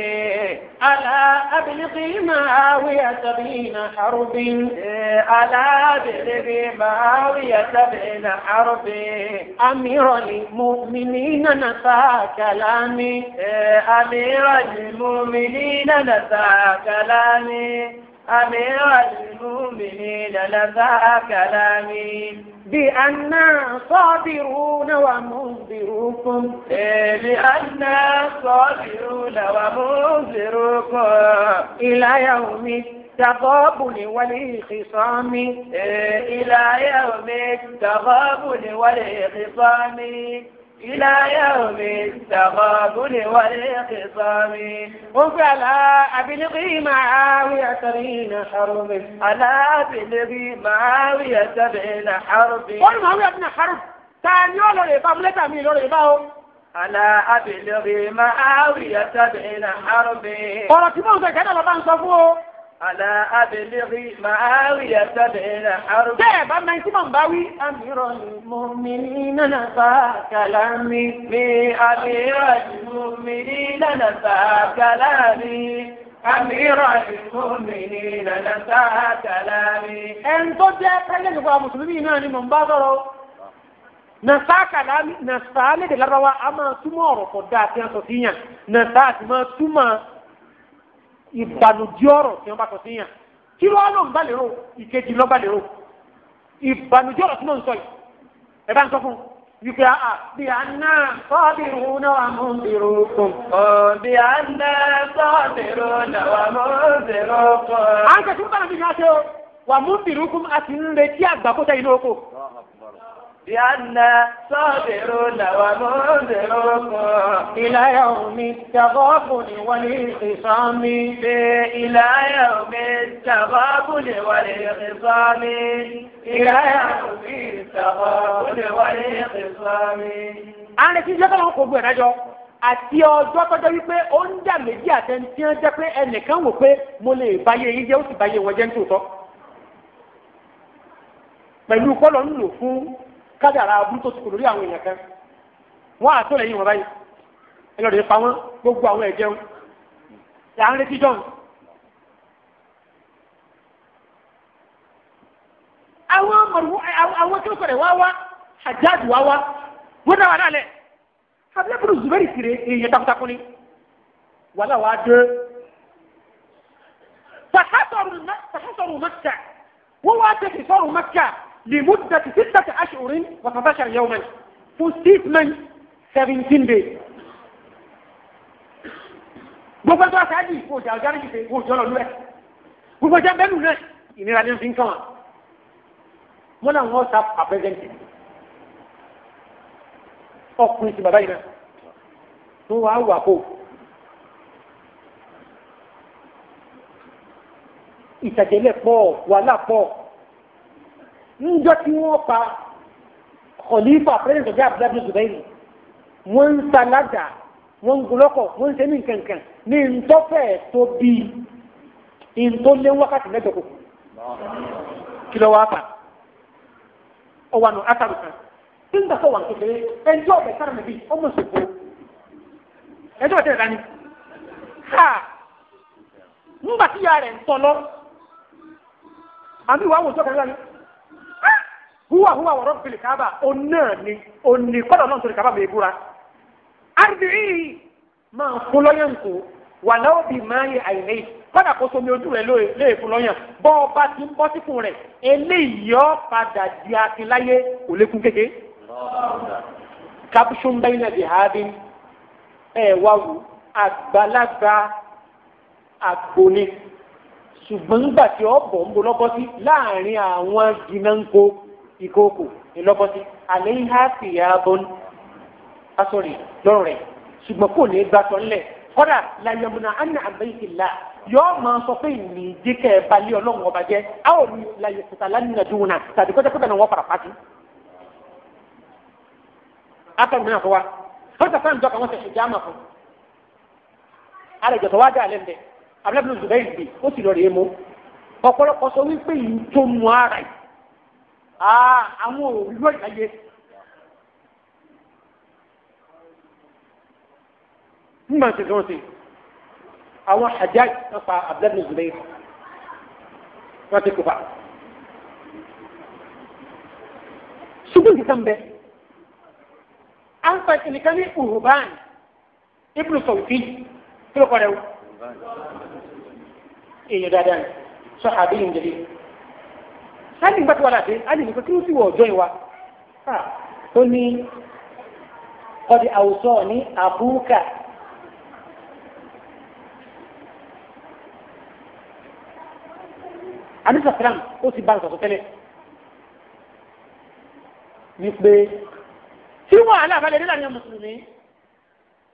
ألا أبلغ معاوية بين حرب ألا أبلغ معاوية بين حرب أمير المؤمنين نسى كلامي أمير المؤمنين نسى كلامي أمير المؤمنين لذا كلامي بأننا صابرون ومنذركم بأننا صابرون ومنذركم إلى يوم التغابن والانخصام إلى يوم التغابن والانخصام إلى يوم التقابل والخصام وفي ألا أبلغي معاوية بين حرب ألا أبلغي معاوية بين حرب قل معاوية بن حرب تاني ولا ربا ملتا مين ربا ألا أبلغي معاوية بين حرب قل تموت كده لبان صفوه Àlà abèlérí màá rí ẹ̀sẹ̀ bẹ̀rẹ̀ náà àrùn. Bẹ́ẹ̀ bá máa ń tí mò ń bá wí. Àmìrọ̀ mo mi ní nànà bá kàlá mi. Mi àmìrọ̀ mo mi ní nànà bá kàlá mi. Àmìrọ̀ mo mi ní nànà bá kàlá mi. Ẹn tó jẹ́ káyọ̀ nípa Mùsùlùmí náà ni mò ń bá sọ̀rọ̀. Nàṣà mi, nàṣà lédè a máa túmọ̀ ọ̀rọ̀ kọ̀ dáa tí a sọ sí yàn. máa túmọ̀ ìbànújẹ́ ọ̀rọ̀ tí wọ́n bá sọ sí yàn kí ló wá ló ń bá lérò ìkejì ló bá lérò ìbànújẹ́ ọ̀rọ̀ tí wọ́n ń sọ yìí ẹ bá ń sọ fún un wípé a bí a náà sọ́bìrú náà mú bìrú kùn. bí a náà sọ́bìrú náà mú bìrú kùn. à ń kẹ́sìmọ́ bá mi ní a ṣe wà mú bìrú kùn a sì ń retí àgbàkúta inú oko. بأن صابرون ومنذرون إلى يوم التغابن والانقسام إلى يوم التغابن والانقسام إلى يوم التغابن والانقسام. Àrùn ti jẹ́kọ̀ọ́ lọ́wọ́ kò gbé ẹ̀dájọ́ àti ọjọ́ tọ́jọ́ wípé ó ń dà méjì àtẹni tí wọ́n jẹ́ pé ẹnìkan wò pé mo lè báyé yín jẹ́ ó sì báyé wọn jẹ́ ní tòótọ́. Pẹ̀lú kọ́lọ̀ ń lò fún kádàrà abúlé tó ti kò lórí àwọn èèyàn kan wọ́n àtó lẹ́yìn wọn báyìí ẹ lọ́ọ́ lè pa wọ́n gbogbo àwọn ẹ̀jẹun là ń retí jọ́n. àwọn mọ̀rùwọ́ àwọn tí ó sọ̀rọ̀ wá wá àjáàdù wá wá wọ́n náà wà lálẹ́ abúlébùrù zubẹ́rì kiri èèyàn takuntakun ni wàhálà wàá dé. tàhásọ̀rù mẹ́ta wọ́n wá tẹ̀sí sọ̀rù mẹ́ta. لمدة ستة أشهر و13 يوما for months 17 days gbogbo ẹjọ́ sáájì kò jà ọjà níbi kò jọ lọ lúwẹ̀ gbogbo ẹjọ́ bẹ́ẹ̀ lùlẹ̀ ìnira ní fi ń kàn wá wọn náà wọn sap àpẹẹsẹ̀ǹtì ọkùnrin sí bàbá yìí náà tó wàá wà kó ìtàjẹ̀lẹ̀ pọ̀ wàhálà pọ̀ níjọ́ tí wọ́n pa kọ̀lífà pẹ́lẹ́ntì ọ̀gá abdullahi zubairi wọ́n ń salaga wọ́n ń gulọ́kọ̀ wọ́n ń sẹ́mi nkankan ní ntọ́fẹ́ tó bí ntọ́lé wákàtí mẹ́jọ kò kí ló wá fà ọwọ́ àná akadu kan nígbà tó wà kékeré ẹjọ́ ọ̀bẹ sára mi bí ọmọ sèkó ẹjọ́ ọ̀tẹ̀ dání ha nígbà tí ya rẹ̀ ń tọ́ lọ àmì ìwà àwòjọ́ kan lánàá huwa huwa wa rabbil kaaba ona ni oni kọ́dọ̀ náà sori kaaba mi búra arbi'i máa fún lọ́yàn kó wà láwọ́ bíi máa yẹ àìlè kọ́dà kó somi ojú rẹ̀ lóye fún lọ́yàn bọ́ ọba ti ń bọ́ síkùn rẹ̀ eléyìí ọ́ padà di akínláyé kò lékún kéke. kapsun bẹ́yìn náà di haabin ẹ wá wò àgbàlagbà àgbóni ṣùgbọ́n nígbà tí ọ bọ̀ ń bọ̀ lọ́bọ́ sí láàrin àwọn jìnnà ń kó ìkókò ìlọ́bọ́sí àléhà fìyàbọ́n asọ̀rì ah, lọ́rùn rẹ̀ ṣùgbọ́n kò ní gbàtọ̀ ńlẹ̀ kọ́dà làyẹ̀mùnà àná àbẹ́yìkìlá yóò máa sọ pé ní jíkẹ́ balẹ̀ ọlọ́run ọba jẹ́ àwọn ní làyẹ̀kùtà lánàá dùnà tàbí kọ́tàkọ́tà náà wọ́n fara pàtì. akọni náà fọwọ́ fọ́tà fáwọn ìjọba wọn ṣẹ̀ṣẹ̀ jáàmà fún un. alẹ́ jọ̀tọ̀ wá dé alẹ́ ń bẹ̀ abúlé bí lóṣù bẹ́ẹ̀ gbé ó sì lọ rèé mú ọ̀pọ̀lọpọ̀ sọ wípé yìí ara yìí àwọn òwúrò ìdájẹ́. nígbà tí wọ́n ti àwọn hajjaj wọ́n pa abdulayi zubair wọ́n ti kú fa. ṣùgbọ́n ti sàn bẹ́ẹ̀ an fa nìkan ní urban ibùdó sọ̀tì kí ló kọ́ rẹ̀ wọ́n. èèyàn dáadáa ni sọ́ha bí yìí ali nígbà tí wọ́n láti ali nígbà kí ló sì wọ̀ ọjọ́ ìwà ó ní ọdí àwùsọ ní àbúkà anisa sram ó ti bá nsọ̀tọ̀ tẹ́lẹ̀ wípé tí wàhálà bá lè dé láàrin mùsùlùmí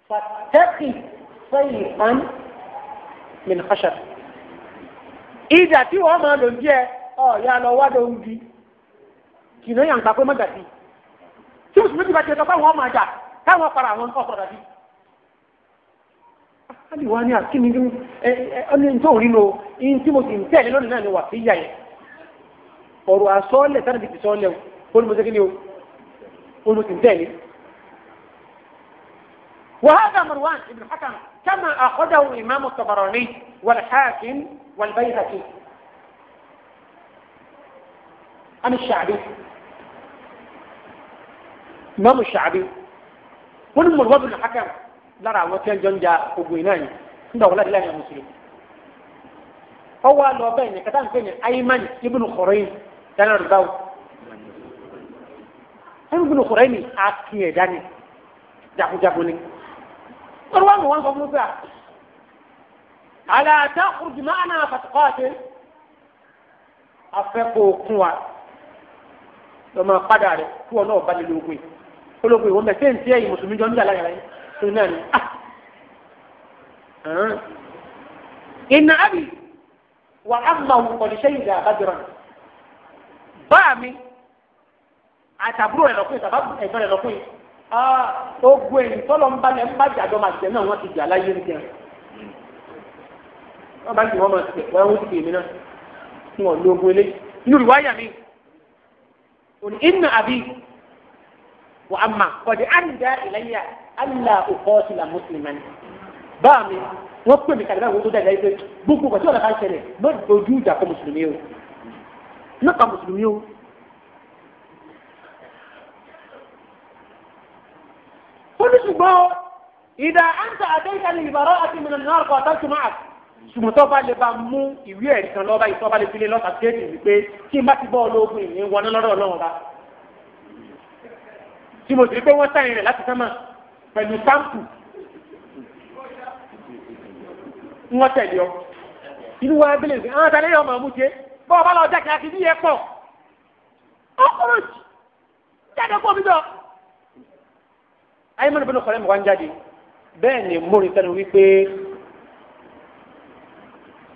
fàtẹ́kì sẹ́yìn fún mi nìkan ìdà tí wọ́n máa lò ń jẹ́ ọ ya lọ wádọ ogi kìnà yàn ká pé má dàbí tí mùsùlùmí ti bá tiẹ̀ tọ́pọ̀ àwọn ọmọ àjà táwọn para àwọn ọkọ̀ dàbí. Ali wa ni akini ni ẹ ẹ tó rí lo ihun tí mo sì ń tẹ̀lé lónìí náà ni wà sí ìyá Ọ̀rọ̀ àsọ́ọ̀lẹ̀ sáré ti fi sọ́ọ̀lẹ̀ o, ní mo sẹ́kẹ́ ni o, ó ní mo sì ń tẹ̀lé. وهذا مروان بن الحكم كما أخذه الإمام الطبراني والحاكم والبيهقي عن الشعبي إمام الشعبي ولم الوضع الحكم لا رأى وكان جنجا وقويناني عنده ولد الله يا مسلم هو لو بين كتان بين أيمن ابن خرين كان رضاو أيمن ابن خرين أكية داني جاكو جاكوني أروان وان قبل ألا تخرج معنا فتقاتل afẹ́kọ̀ òkun wa ọmọ padà rẹ kí wọn náà balẹ̀ lóògùn yìí olóògùn yìí wọn bẹ ṣé n tiẹ̀ yìí mùsùlùmí jọ ń jà láyà rẹ tó náà ni ah ìnà àbí wà á máa wù kọ̀díṣẹ́ yìí dàbà jọra báà mi àtàbúrò rẹ lọkùnrin tàbá ẹ̀gbọ́n rẹ lọkùnrin ah ogun èyí tọ́lọ̀ ń balẹ̀ ń bá jàdọ́ máa jẹ náà wọ́n ti jà láyé ń jẹun wọ́n bá ti wọ́n máa ti tẹ̀ wọ́n ti tẹ̀ mí náà wọn ò eléyìí òní inna àbí wà á mà kọ̀dé àǹdá ìlẹ́yà àlà òkọ́ sílà mùsùlùmí báà mi wọ́n pè mí kàdé báyìí wọ́n tó dáadáa pé gbogbo kọ̀tí ọ̀la bá ń ṣẹlẹ̀ ló dojú ìjà kọ mùsùlùmí o nípa mùsùlùmí o. ó ní ṣùgbọ́n ìdá àǹtà àdéhìkà ni ìbára àti mìíràn náà kọ̀ ṣùgbọ́n tó bá lè bá mú ìwé ẹ̀rí kan lọ́ba yìí tó bá lè fi lé lọ́ta déètì wípé kí n bá ti bọ́ ológun ìní wọná lọ́dọ̀ ọlọ́run bá. tí mo sì rí pé wọ́n sáyìn rẹ̀ láti sánmà pẹ̀lú sáǹpù wọ́n tẹ̀lé ọ. inú wa abẹ́lẹ̀ sí àwọn àtàlẹ́yìn ọmọ àmúṣe bọ́ ọ bá lọ jẹ́ kíákí bí yẹ pọ̀ ọkùnrin jáde kó mi jọ. ayé mọ́ni bẹ́ẹ̀ ni mo rí sẹ́nu wípé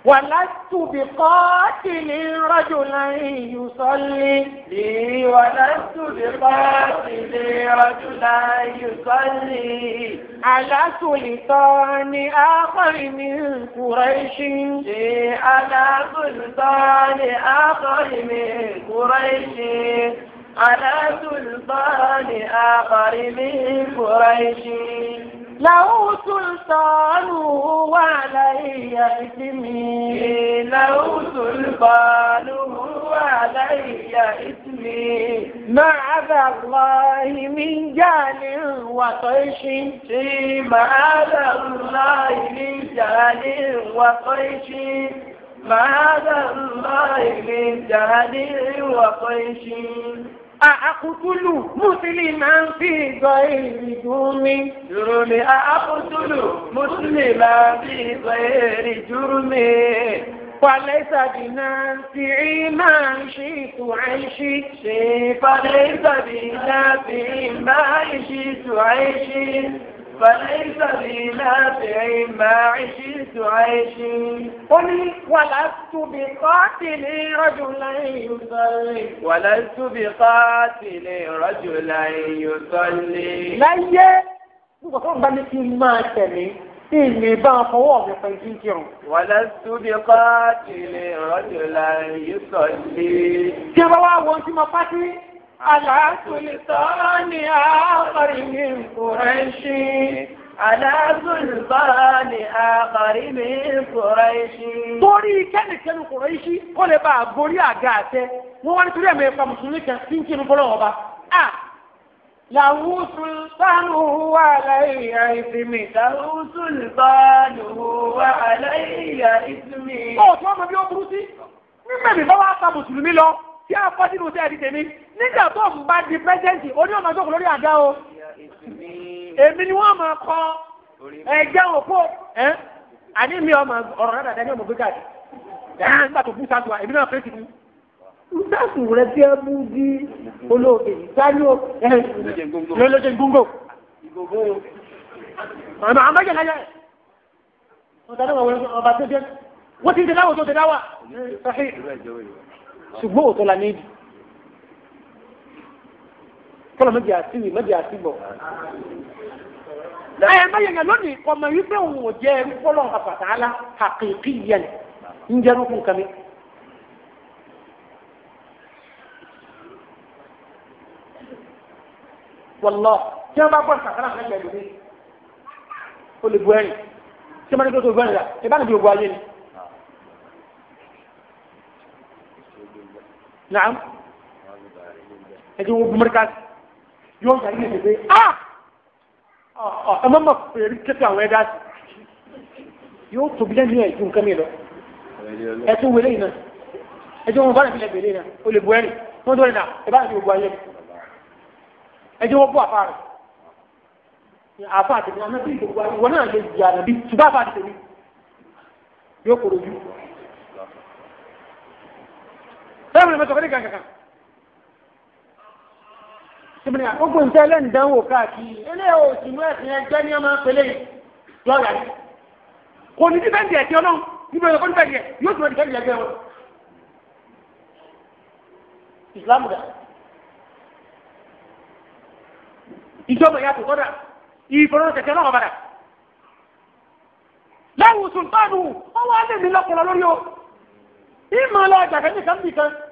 ولست بقاتل رجلا يصلي لي ولست بقاتل رجلا يصلي على سلطان آخر من قريش لي على سلطان آخر من قريش على سلطان آخر من قريش له سلطان علي إثمي لو سلطان هو علي اسمي معاذ الله من جهل وطيش معاذ الله من جهل وطيش معاذ الله من جهل وطيش أقتل مسلما في غير جرم جرم أقتل مسلما في غير جرم فليس بنافع ما شئت عيشي فليس بنافع ما شئت عيشي فليس لي نافع ما عشت عيشي قل ولست بقاتل رجلا يصلي ولست بقاتل رجلا يصلي láyé nígbà tó ń bá ní kí n máa tẹ̀lé ìmì bá ń fọwọ́ mi pẹ̀lú kíkirun. ولست بقاتل رجلا يصلي. tí a bá wá wo ohun tí mo pàṣẹ. على سلطان آخر من قريش على سلطان آخر من قريش torí kẹ́nìkẹ́nì kùrẹ́ṣí kó lè bá a gorí àga àtẹ wọ́n wá nítorí ẹ̀mí ẹ̀fà mùsùlùmí kan tí ń kírun fọlọ́wọ́ bá a làwọn sùlùtánù wà láyà ìsinmi làwọn sùlùtánù wà láyà ìsinmi. ó tí wọ́n mọ bí ó burú sí mímẹ́bí bá wà nígbà tó ń bá di pẹ́sẹ́ǹtì oní ọ̀nà tó kù lórí àga o èmi ni wọ́n máa kọ ẹgbẹ́ òpó ẹ́ àní mi ọmọ ọ̀rọ̀ rẹ̀ dàdá ní ọmọ gbé káàdì dáhà nígbà tó bú sáà tó wa èmi náà fẹ́ẹ́ ti mú. nítàsù rẹ tí ẹ mú di olóògbé sáyó ẹ lọ́lọ́jẹ gbóngbò. ọ̀nà àwọn bẹ́jẹ̀ láyà ẹ̀ wọ́n ti ń tẹ láwọ̀ tó tẹ láwà ṣùgbọ́n òtọ́ la ní ìdí kọ́lọ̀ méjì àti wì méjì àti bọ̀. ẹ má yẹn yẹn lónìí ọmọ yìí pé òun ò jẹ́ ẹrú fọlọ́ àpàtàlá àkèké yẹn ń jẹ́ ẹrú fún kàmi. wọlọ tí wọn bá gbọ́ sàkárà lẹ́gbẹ̀ẹ́ lómi ó lè bu ẹ̀yìn tí wọn bá gbọ́ bu ẹ̀yìn rà ìbá níbi ògbó ayé ni. Naam. Ẹ̀jẹ̀ wo bu mọ́ríkàsì yóò yà yíyẹ pé ah! ah ẹ má má fèrè kékeré àwọn ẹ̀dá sí yóò tóbi lẹ́nu ẹ̀ ju nǹkan mi lọ ẹ tún wẹlé yìí náà ẹ jẹ́ wọn bá nàbílẹ̀ bẹ̀rẹ̀ náà o lè bu ẹ̀rì wọ́n tó rẹ̀ náà ẹ bá nàbí gbogbo ayé ẹ jẹ́ wọn bú àfa rẹ̀ àfa àti ìgbà náà bí gbogbo ayé wọn náà lè jẹ ànàbí ṣùgbọ́n àfa àti tèmi yóò kóró ju. sẹ́wọ̀n ni mo sọ fẹ́ tìmìnà ogun tẹ lẹ́ǹdánwò káàkiri ilé òsìmú ẹ̀sìn ẹgbẹ́ ní ọmọ pẹ̀lẹ́ lọ́yà rẹ̀ kò ní dífẹ́ǹdì ẹ̀sìn ọlọ́run níbi ọ̀yọ́ kọ́ni bẹ̀rẹ̀ yóò tún dífẹ́ǹdì ẹgbẹ́ wọn. ìsìlámù dà ìjọba yàtọ̀ kọ́dà ìfọ̀rọ̀ kẹ̀kẹ́ náà padà lẹ́wù sùn táàbù ọwọ́ alẹ́ mi lọ́pọ̀lọ́ lórí o ìmọ̀ ọlọ́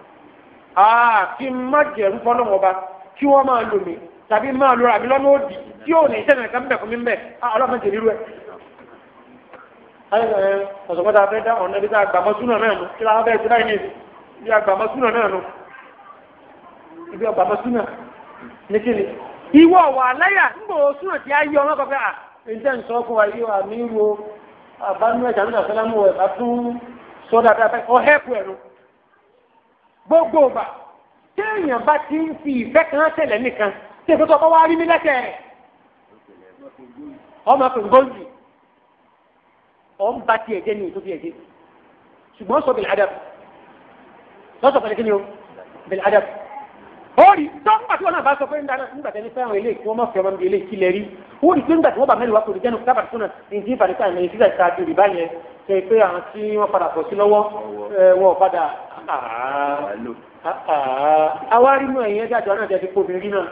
àfi ah, má jẹ̀rú fọ́lọ́wọ́ ba kí wọ́n máa lò mí tàbí máa lò àbí lọ́nà òdì tí ò ní mi ah, ẹ̀. fẹ́ dá ọ̀nà ibi a náà nù kí láwọn bẹ́ẹ̀ ti báyìí nìyí ibi àgbàmọ́ súnà náà nù ibi àgbàmọ́ súnà ní kíni. ìwọ wà láyà nígbò súnà tí ọmọ à ǹjẹ́ nsọ fún wa yíyọ àmì àbánú gbogbo ọba tí èèyàn bá ti ń fi ìfẹ́ kan tẹ̀lé nìkan tí èso tó kọ́ wá rí mi lẹ́sẹ̀ rẹ̀ ọmọ pè ngóyè ọ̀n ba tiẹ̀ jẹ́ ní ètò tiẹ̀ jẹ́ ṣùgbọ́n sọ bẹ̀rẹ̀ adab lọ́sọ̀ pẹ̀lú kí ni o bẹ̀rẹ̀ adab ó rí tó nígbà tí wọn náà bá sọ pé nígbà tẹni fẹ́ràn ilé kí wọ́n mọ̀ fi ọmọ mi ilé kí lẹ rí ó rí pé nígbà tí wọ́n bá mẹ́rin wá kò ní jẹ́nu kábàtì tó náà ní ti ìfàdíkà ìmọ̀ ìfíjà ìtajú rí báyẹn ṣe pé àwọn tí wọ́n padà pọ̀ sí lọ́wọ́ wọn padà ah, ah, ah. àwárí inú ẹ̀yìn ẹja àjọ náà jẹ́ ti kó obìnrin náà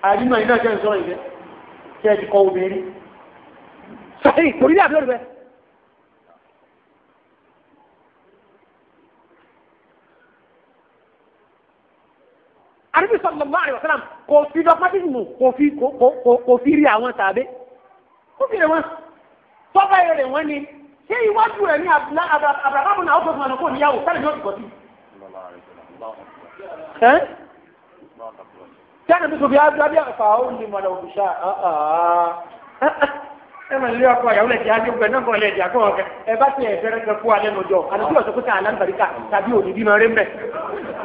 àrínú ẹ̀yìn náà jẹ́ ìsọ̀rọ̀ ìgbẹ́ jẹ́ ti kọ àríbí sallallahu alaihi wasallam kò fi dọ́pátìmù kò fi kò fi rí àwọn tàbí ó fi rè wọn tọ́ba rẹ̀ wọ́n ni ṣé iwájú rẹ̀ ní abdulhamu náà ó fẹ́ fún ọ̀nà kò níyàwó sáré ní ọ̀dùkọ̀ sí. sẹ́ni tó tóbi ábí àfà ó ní mọ̀nà òbíṣà ẹ mà lé ọkọ ìyàwó lẹ́sẹ̀ ajé gbẹ náà kọ́ lẹ́sẹ̀ àkọ́ ọ̀kẹ́ ẹ bá ti ẹ̀ fẹ́rẹ́ kẹ́ fún alẹ́ nọjọ́ àti tí ọ̀sẹ̀ kó tà àlàǹbàríkà tàbí òdìdí máa rí mbẹ́.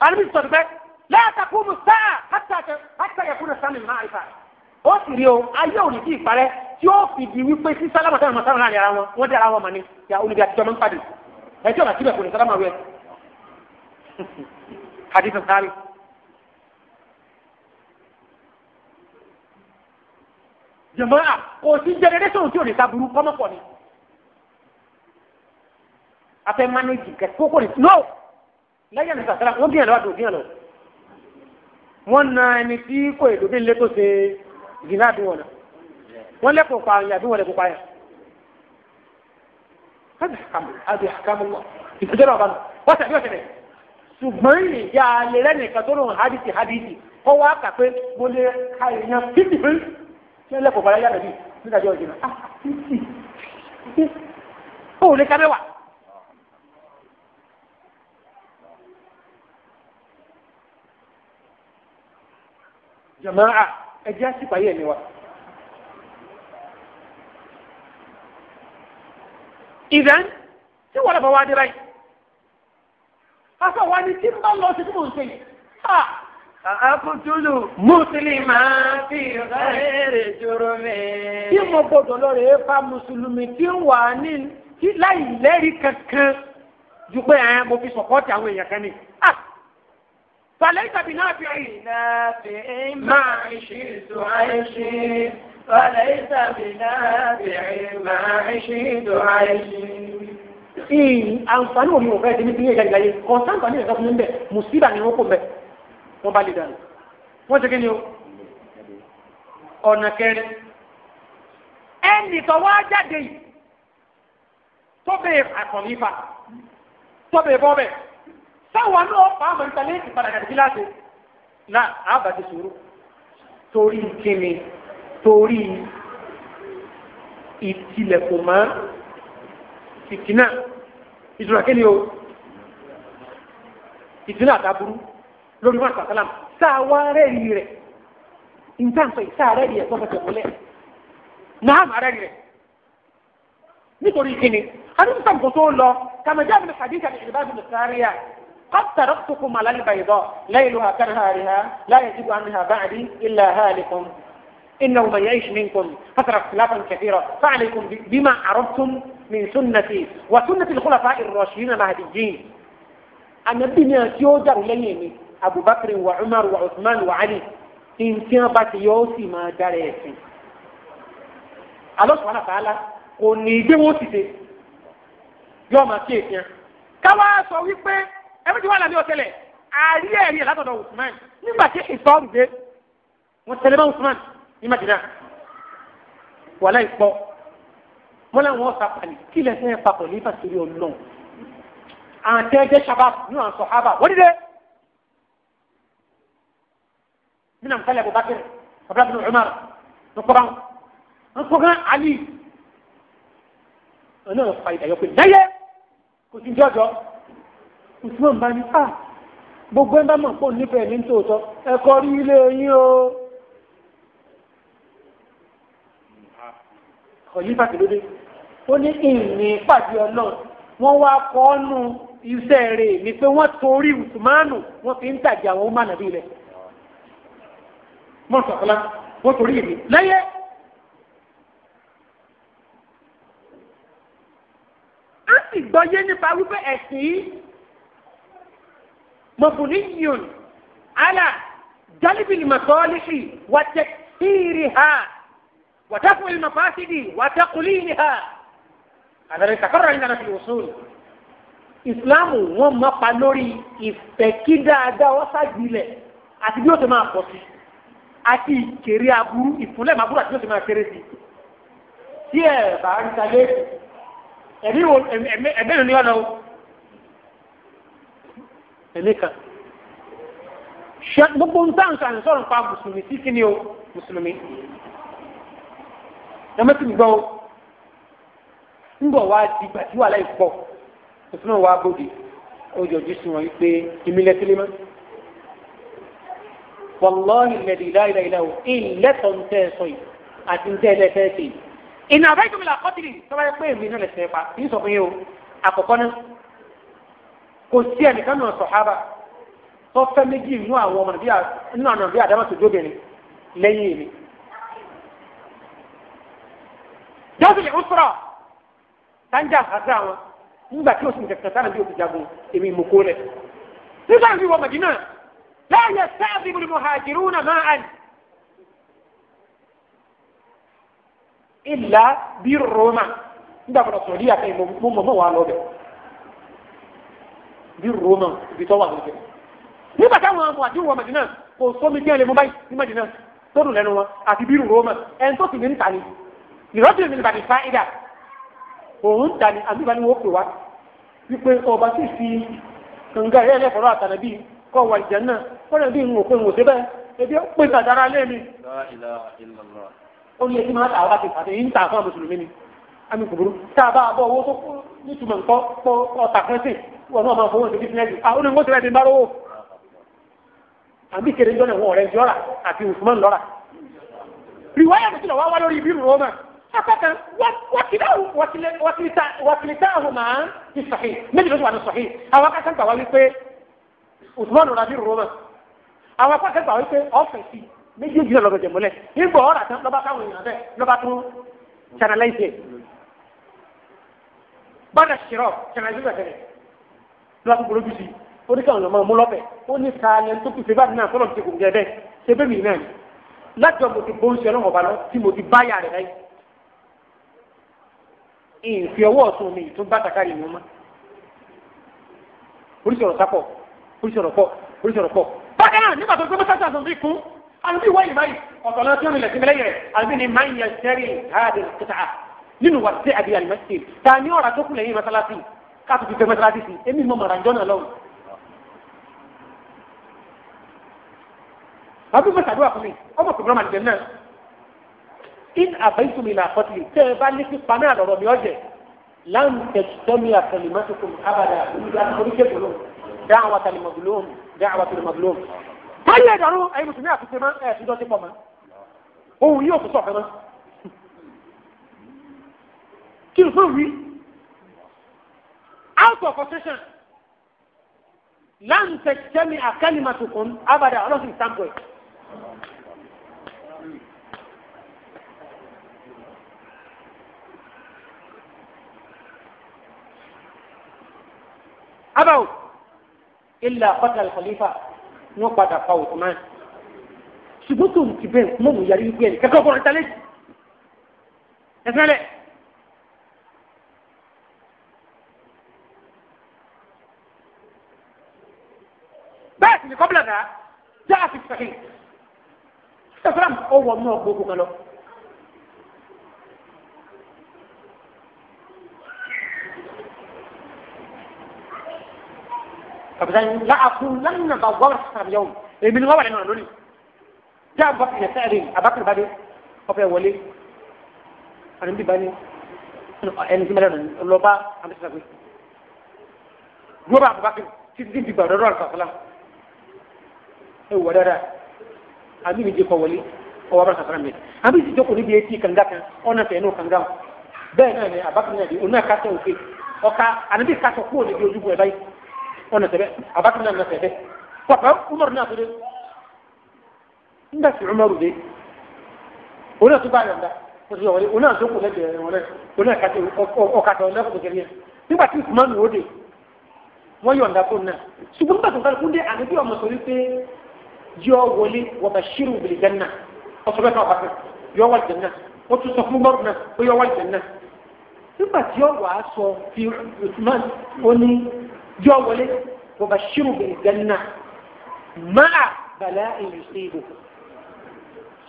alibi sọ bẹ lẹ́ẹ̀takú musa hàtà yẹkùn sami máa ìfà ó sì rí o ayé òní kì í parẹ́ tí ó fi di wípé sí sálámà sálámà sálámà náà yàrá wọn wọ́n di ara wọn mà ní ya olùdí àtijọ́ máa ń padì ẹjọ́ bá síbẹ̀ kò ní sálámà wẹ̀ hadi sọ sáré. jẹ̀mọ́ra kò sí jẹnẹrẹ́sọ̀n tí ò ní sábúrú kọ́mọ́pọ̀ ni. afẹ́ mánéjì kẹ́kọ̀ọ́ kò ní lẹ́yìn àti sàtàrà wọ́n gbìyànjú àdùn gbìyànjú wọ́n na ẹni tí kò èdò bí nlé tó ṣe ìdìnnà àdúgbò náà wọ́n lẹ́kọ̀ọ́ pa àyàn àdúgbò lẹ́kọ̀ọ́ pa àyàn. àbí àkàmù ìfúnjẹ́ náà bá nù wọ́n tẹ̀lé ọ̀tẹ̀ rẹ̀ ṣùgbọ́n ìyá alẹ́ rẹ̀ nìkan tó lòun hadisi hadisi kọ́ wá kà pé mo lè ka èèyàn fífi fún kí lẹ́kọ̀ọ́ pa àyàn àdúgbò nígbà jàmáà ẹjẹ́ àṣìpáyé ẹ̀mí wa. ìdán tí wọ́n lọ́bọ̀ wá dé báyìí afọwọ́ ni tí bá lọ sí tí mò ń ṣe yìí ha àkùtùlù mùsùlùmá fi rẹ̀ jòrò mẹ́. tí mo gbọdọ̀ lọ rèé fa mùsùlùmí tí ń wà ní láì lẹ́rìí kankan ju pé mo fi sọ̀kọ́ọ̀tì àwọn èèyàn kan ni. فليس بنافع نافع عشيت عيشي فليس بنافع معيشي عيشي ìyìn àǹfààní omi ò fẹ́ ti ní fi ní ìjà ìgbàyè kọ̀ọ̀tàn àǹfààní ìjọba fún mi bẹ̀ mùsíbà ni wọ́n kò bẹ̀ wọ́n bá lè dànù wọ́n ti kí ni o ọ̀nà kẹrin ẹnì tó wá jáde tó bẹ̀rẹ̀ àkànlífà tó bẹ̀rẹ̀ bọ́ bẹ̀rẹ̀ táwọn náà fà á mọ̀ nípa léèkì padà kàdé kíláàsì náà àbàtì sùúrù torí kíni torí ìtìlẹ̀kùn mọ́ ìkìnà ìtura kíni o ìdílé àdáburú lórí wọn àtàkàlám sáwa rẹ́ẹ̀rì rẹ̀ ìtànsọ ìsáà rẹ́ẹ̀rì ẹ̀ tọ́fẹ̀tẹ̀ múlẹ̀ náàmù rẹ́ẹ̀rì rẹ̀ nítorí kíni adúgbò sàǹkó tó lọ kàmẹ́jà mi ní hadith àti ìbáraẹni sáré قد تركتكم على البيضاء ليلها كنهارها لا يجد عنها بعدي إلا هالكم إنه من يعيش منكم فترى اختلافا كثيرا فعليكم بما عرفتم من سنتي وسنة الخلفاء الراشدين المهديين أن الدنيا تيوجر ليني أبو بكر وعمر وعثمان وعلي إن تيابت يوسي ما جريسي الله سبحانه وتعالى قل نيجي موسيسي يوم أكيد كما سوى ẹbí tí wọ́n lálẹ́ ọ̀tẹlẹ̀ àárí ẹ̀rí ẹ̀ látọ̀dọ̀ Usman nígbà tí ìsọ́ọ̀rù dé wọ́n tẹ̀lé mọ́ Usman ní Madina wà láì pọ̀ wọ́n láwọn ọ̀sà pàlì kí ilẹ̀ sẹ́yìn papọ̀ ní ìfàsírí ọlọ́run àtẹ́jẹ́ sábàb ní àwọn sọ̀hábà wọ́n dìde nínú àmì Abubakar abdulhamid Umar nukura nukura Ali ọ̀nà ọ̀fà ìdáyọ̀pẹ̀ náyẹ kò sí jọjọ́. Usman bá ní à ah, gbogbo ẹ̀ bá mọ̀ pò nífẹ̀ẹ́ ní tòótọ́ ẹ̀kọ́ rí ilé yín o. ọ̀yí fàtìlódé ó ní ìní pàdé ọlọ́run wọ́n wá kọ́ ọ́nù iṣẹ́ rẹ̀ ní pé wọ́n torí Usmanu wọ́n fi ń tàjà àwọn ọmọ ànàbí rẹ̀ mọ́tò nípa wípé ẹ̀sìn مبني على جلب المصالح وتكثيرها ودفع المفاسد وتقليلها هذا الذي تكرر عندنا في الوصول ìsìláàmù wọn máa pa lórí ìfẹ́ kí dáadáa wọ́n ṣàgbìlẹ̀ àti bí ó ti máa pọ̀ sí àti ìkéré aburú ìfúnlẹ̀ máa burú àti bí ó ti máa kéré sí. tí ẹ bá ń ta lé ẹ̀mí ẹ̀mí ẹ̀mí ni wọ́n lọ ẹnìkan ṣe gbogbo ń tàn sàn sọ̀rọ̀ nípa mùsùlùmí sí kí ni o mùsùlùmí ẹ mẹ́tì gbọ́ o ń bọ̀ wá di ìgbà tí wàhálà yìí pọ̀ mùsùlùmí wa bòde ó yọjú sí wọn wípé ìmílẹ̀ sílẹ̀ mọ́ wàlọ́ọ̀hì lẹ́dí láìláì ìlàwọ̀ ìlẹ́tọ̀ ń tẹ́ sọ yìí àti ń tẹ́ ẹ lẹ́fẹ́ sí ìnà àbẹ́jọ́mi là tọ́wọ́ ẹ pé èmi náà lẹ́sẹ̀ kò sí ẹnìkan náà sọ̀hábà tó fẹ́ méjì inú àwọn ọmọ nínú àná bí àdámà tó jóbìnrin lẹ́yìn èmi. jọ́sìlì ń sọ̀rọ̀ sáńjà àti àwọn nígbà tí oṣù kẹsàn-án sára bí oṣù jagun èmi mú kó lẹ̀. nígbà tí wọ́n Mẹdínà láàyè sáàbì bùrù muhajiruna máa àlè. ìlà bí Roma nígbà kan sọ̀rọ̀ yíyà kan ìmọ̀ mọ̀ wà lọ́bẹ̀ẹ́ bí Roma, ibi tó wà lókè nígbà táwọn ọmọ àti roman náà kò sómi díẹ̀ lè mú báyìí ní Madina tó dùn lẹ́nu wọn àti bí roman ẹni tó sì ní níta ni ìrọ́jì mi nígbà tí fáìdà òun ta ni àbí ìbáni wọn pè wá wípé ọba sì fi kànga ẹ̀ lẹ́fọ̀rọ̀ àtàlẹ́bí kọ́ wà ìjẹ́ náà fọ́nà bí n ò pé n ò dé bẹ́ẹ̀ ebi ó pè sàdára lé mi. ó ní ẹtí máa tàwa ti fàtẹ́ yìí ń ta fún àmùsùlùmí ni àmì kòkòrò tá a bá a bọ̀ owó tó nítumọ̀ nǹkan pọ̀ ọ̀tà sí wọn náà máa fowó ṣe bísínẹ́sì àwọn ah, oníwọ́n ti rẹ̀ ti bá rówó àbí kèrè jọ́nà wọn ọ̀rẹ́ jọ́ra àti Usman lọ́ra rìwáyà tó ti lọ wá wá lórí ibi ìrù rọ́mà apákan wàkìlítàhùn máa ti sahih méjì lóṣù wà ní sahih àwọn akásán gbà wá wípé Usman rà bí ìrù rọ́mà àwọn akásán gbà wá wípé ọ̀fẹ́ sí méjì jìnnà lọ́dọ̀ láti polójú sí ó ní káwọn ọmọ múlọ́fẹ̀ ó ní kaalẹ̀ tó kù sèbáàdì náà fọlọ́ ti kò gẹ̀ bẹ́ẹ̀ sèbé mi náà ni láti ọmọ ti bó ń ṣe ọlọ́mọba lọ tí mo ti bá yà rẹ̀ láyé ìfi ọwọ́ ọ̀tún mi ìtún bá takari mi mọ́ oríṣi ọ̀rọ̀ sápọ̀ oríṣi ọ̀rọ̀ pọ̀ oríṣi ọ̀rọ̀ pọ̀ bákan náà nígbà tó gbé mọ́sáàsì àtúntò ikú àlùbí ìwọ ìmáyì ọ̀tọ̀ náà tí ó nílẹ̀ sí mẹ́lẹ́yìn rẹ̀ àlùbí ni máyì yẹn sẹ́rìn háàdì kìtà nínú wàásù àbí àlùmọ́sì ta ni ọ̀rà tó kù lẹ́yìn mọ́sálásì káàtó ti fẹ́ mẹ́sàlásì sí èmi mọ̀ màrà jọ́nà lọ́wọ́. àbí mẹ́sàdúrà fún mi ọmọ kò gbọ́dọ̀ màdìbẹ̀ náà in àbẹ́yìntì mi là àkọsílẹ̀ tẹ́ ẹ bá ní kí pa náà lọ́rọ̀ mi ọ̀jẹ̀ láǹtẹ̀ tẹ́mi àtẹnumẹ́sìkùn abàdà olùdá oríṣègùn dáhùn àtàlùmọ̀gùlùm dáhùn àtàlùmọ̀gùlùm. táyé ìdàrú ẹ̀yin mùsùlùmí àti sèmá ẹ̀ ti dọ́sí pọ̀ mọ́ òun yóò tún sọ̀kan náà kí n fún wí out of frustration lan tẹ̀sẹ̀mi àkálìmọ̀tòkùn abàdà ọlọ́sìn standpoint. abawo illa kọta alkhalifa ní wọn padà pa Usman ṣùgbọ́n tó ń ti bẹ́ẹ̀ mọ̀ mú yàrá yìí bẹ́ẹ̀ kẹ́kọ̀ọ́ kọ́ra ta lẹ́sìn ẹ̀fẹ́ lẹ́ẹ̀. هذا جاء في الصحيح السلام هو من أبوك قالوا فبدأ لا أقول لن غور حسب يوم من غور إنه لوني جاء أبو بكر يسألني أبو بكر بعدين ولي أنا بدي بني ẹni tí mẹlẹ́nu lọ́ba àmì sàgbé. Gbọ́dọ̀ àbúbákẹ́ títí di bàbá lọ́dọ̀ àlùfáà fúlà. ẹwọ dáadáa àbí mi jẹ kọ wọlé ọwọ abúlé sàfàrà mi àbí sì jókòó níbi etí kànga kan ọ̀nà fẹ̀ ẹnu di òun náà kásẹ̀ òfin ọ̀ka ànábì kásọ̀ kúrò níbi ojúbọ ẹ̀ báyìí ọ̀nà tẹ̀bẹ̀ àbákan náà nàfẹ̀ bẹ́ẹ̀ pàpà Umaru náà tó n'a yọ wọlé wọba ṣírù bìlì jẹnà ọsọ bẹ́ẹ̀ náà wà fẹ yọ wà jẹnà ó tún sọ fún mọrùn náà ó yọ wà jẹnà nígbà tí ó wàá sọ fi usman ó ní yọ wọlé wọba ṣírù bìlì jẹnà máa bàlá èyí sí ibò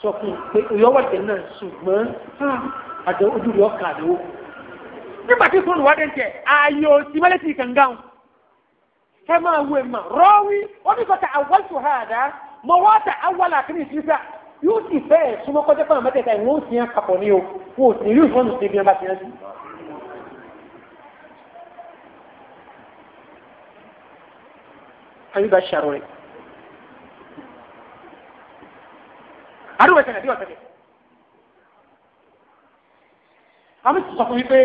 sọ fún pé yọ wà jẹnà ṣùgbọ́n àdó ojú rẹ ọkà àdó nígbà tí fóònù wá dé ń tẹ ààyè òsì mẹlẹsì kàngáhùn ẹ máa wé ma rọwí ó ní kọta mọ wá ta awala àkíní ìṣiṣẹ́ yóò sì fẹ́ ẹ̀ súnmọ́ kọjá fún àmọ́tẹ́ta ìwọ̀n ó sì kapọ̀ ní o wọn ò sì rí ìfọ́nù sí ibi ọba ti yàn sí. ayé bá ṣàrò rẹ̀ àdúgbò ẹ̀sẹ̀ nàbí ọ̀sẹ̀ àmì sọ fún mi pé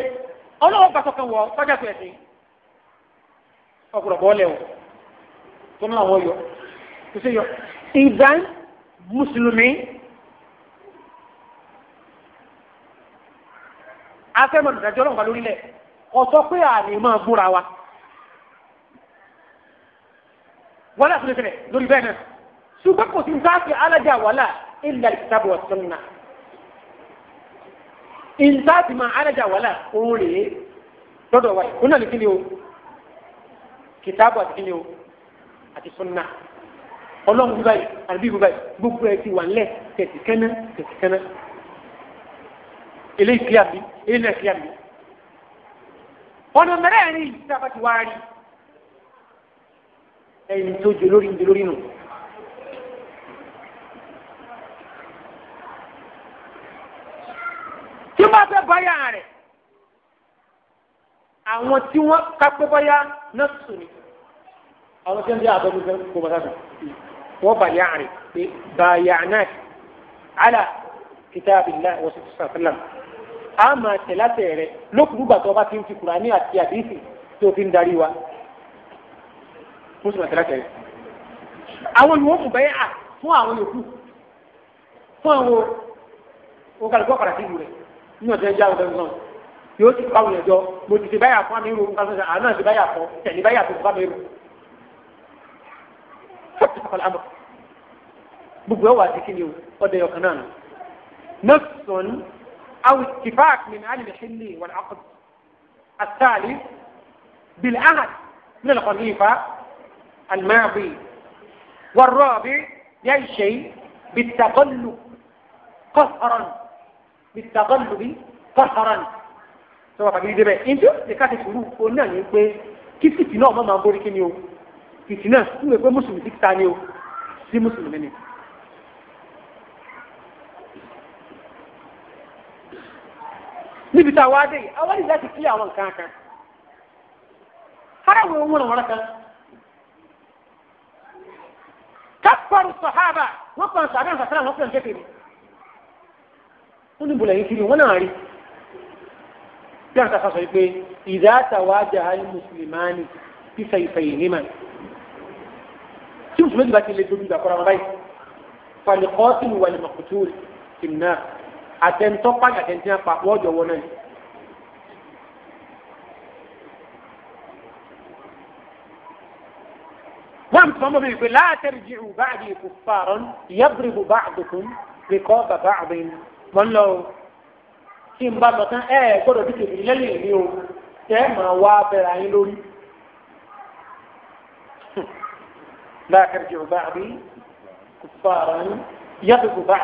ọlọ́wọ́ gbàtọ̀ kan wọ tọ́jà tó ẹ̀sìn ọkùnrin ọ̀bọ̀ ọ̀lẹ̀ o tó ní àwọn yọ kò sí yọ ìdán mùsùlùmí afẹ́mọ̀ ìdájọ́ ọlọ́run kan lórílẹ̀ ọ̀sọ́ pé àlè máa búra wa wọ́n lè fúnlẹ̀ fúnlẹ̀ lórí bẹ́ẹ̀ náà ṣùgbọ́n kò sí ní sáàsì alájà wàhálà illa al-kitab wa sunnah máa alájà wàhálà òun rèé lọ́dọ̀ wa òun náà ní kíni o kìtàbù àti kíni o àti sunnah ọlọ́run báyìí àbí báyìí gbogbo ẹ ti wà ńlẹ̀ tẹ̀sí kẹ́nẹ́ tẹ̀sí kẹ́nẹ́ eléyìí kíá mi eléyìí náà kíá mi. ọ̀nà mẹ́rẹ̀ẹ̀rin yìí tí a bá ti wá rí ẹyin tó jẹ lórí ń jẹ lórí nù. tí wọ́n fẹ́ báyà rẹ̀ àwọn tí wọ́n kápẹ́ báyà náà sùn ni àwọn tí wọ́n jẹ́ àbẹ̀mí fẹ́ kó bá sùn. وبايعني بايعناك على كتاب الله وصلى الله عليه وسلم أما تلاتيري لوك دوبا توبا تنتي قراني أتي أديسي توفين داريوا مسلم تلاتيري àwọn ìwọ̀n mú bẹ́ẹ̀ à fún àwọn yòókù fún àwọn ògàlùkọ́ padà sí ìlú rẹ̀ ní ọ̀sẹ̀ ẹja ọ̀sẹ̀ náà yóò ti pa òun ẹ̀jọ́ mo ti ti báyà fún àmì ìrò nǹkan sọ̀sẹ̀ àná ti báyà fún tẹ̀lé báyà fún bá mi rò gbogbo ẹwà ti kíni ọdẹ ọkàn náà nù. nọ́ọ̀sùn àwọn mi ní alẹ́ ìṣẹ̀lẹ̀ wọn àkọ́ àtàlí bìlẹ̀ ahad من الخليفة الماضي والرابع ينشئ بالتغلب قهرا بالتغلب قهرا sọ pàtàkì yìí débẹ̀ ẹni tí ó lè ká ti sùúrù òun náà ní pé kí fìtì náà má máa borí kí ni o fìtì náà ń lè pé mùsùlùmí ti ta ni o sí mùsùlùmí ni. níbi tá a wá dé àwọn ìdí láti kí àwọn nǹkan kan haramu wọn wọn kan kápẹ́rù sọ̀hábà wọ́n kàn sàdá nǹkan wọ́n kàn kékeré wọ́n ní bùlẹ̀ yìí kiri wọ́n náà rí bí àwọn kan sọ pé ìdá àtàwájà ayé mùsùlùmáàni fífẹ́ ìfẹ́ yìí ní mà tí mùsùlùmí ti lè dojú ìgbà kọ́ra wọn báyìí falikọ́sìn wàlìmọ̀kùtù ìnáà àtẹnutọ́ pàjá àtẹnutẹ́ pa wọ́n jọ wọn náà ni. wọ́n sọ mọ́ bíi pé láàtẹ̀rì jí ìwù bá àdìyẹ kò fààrọ̀ yẹ́bùrìbù bá àdùkún lè kọ́ bàbá àbẹ̀yìn wọ́n lọ kí n bá lọ tán ẹ gbọ́dọ̀ dúkìá ìdílé lẹ́yìn mi o tẹ́ ẹ máa wá bẹ̀rẹ̀ ayé lórí. láàtẹ̀rì jí ìwù bá àdìyẹ kò fààrọ̀ yẹ́bùrìbù bá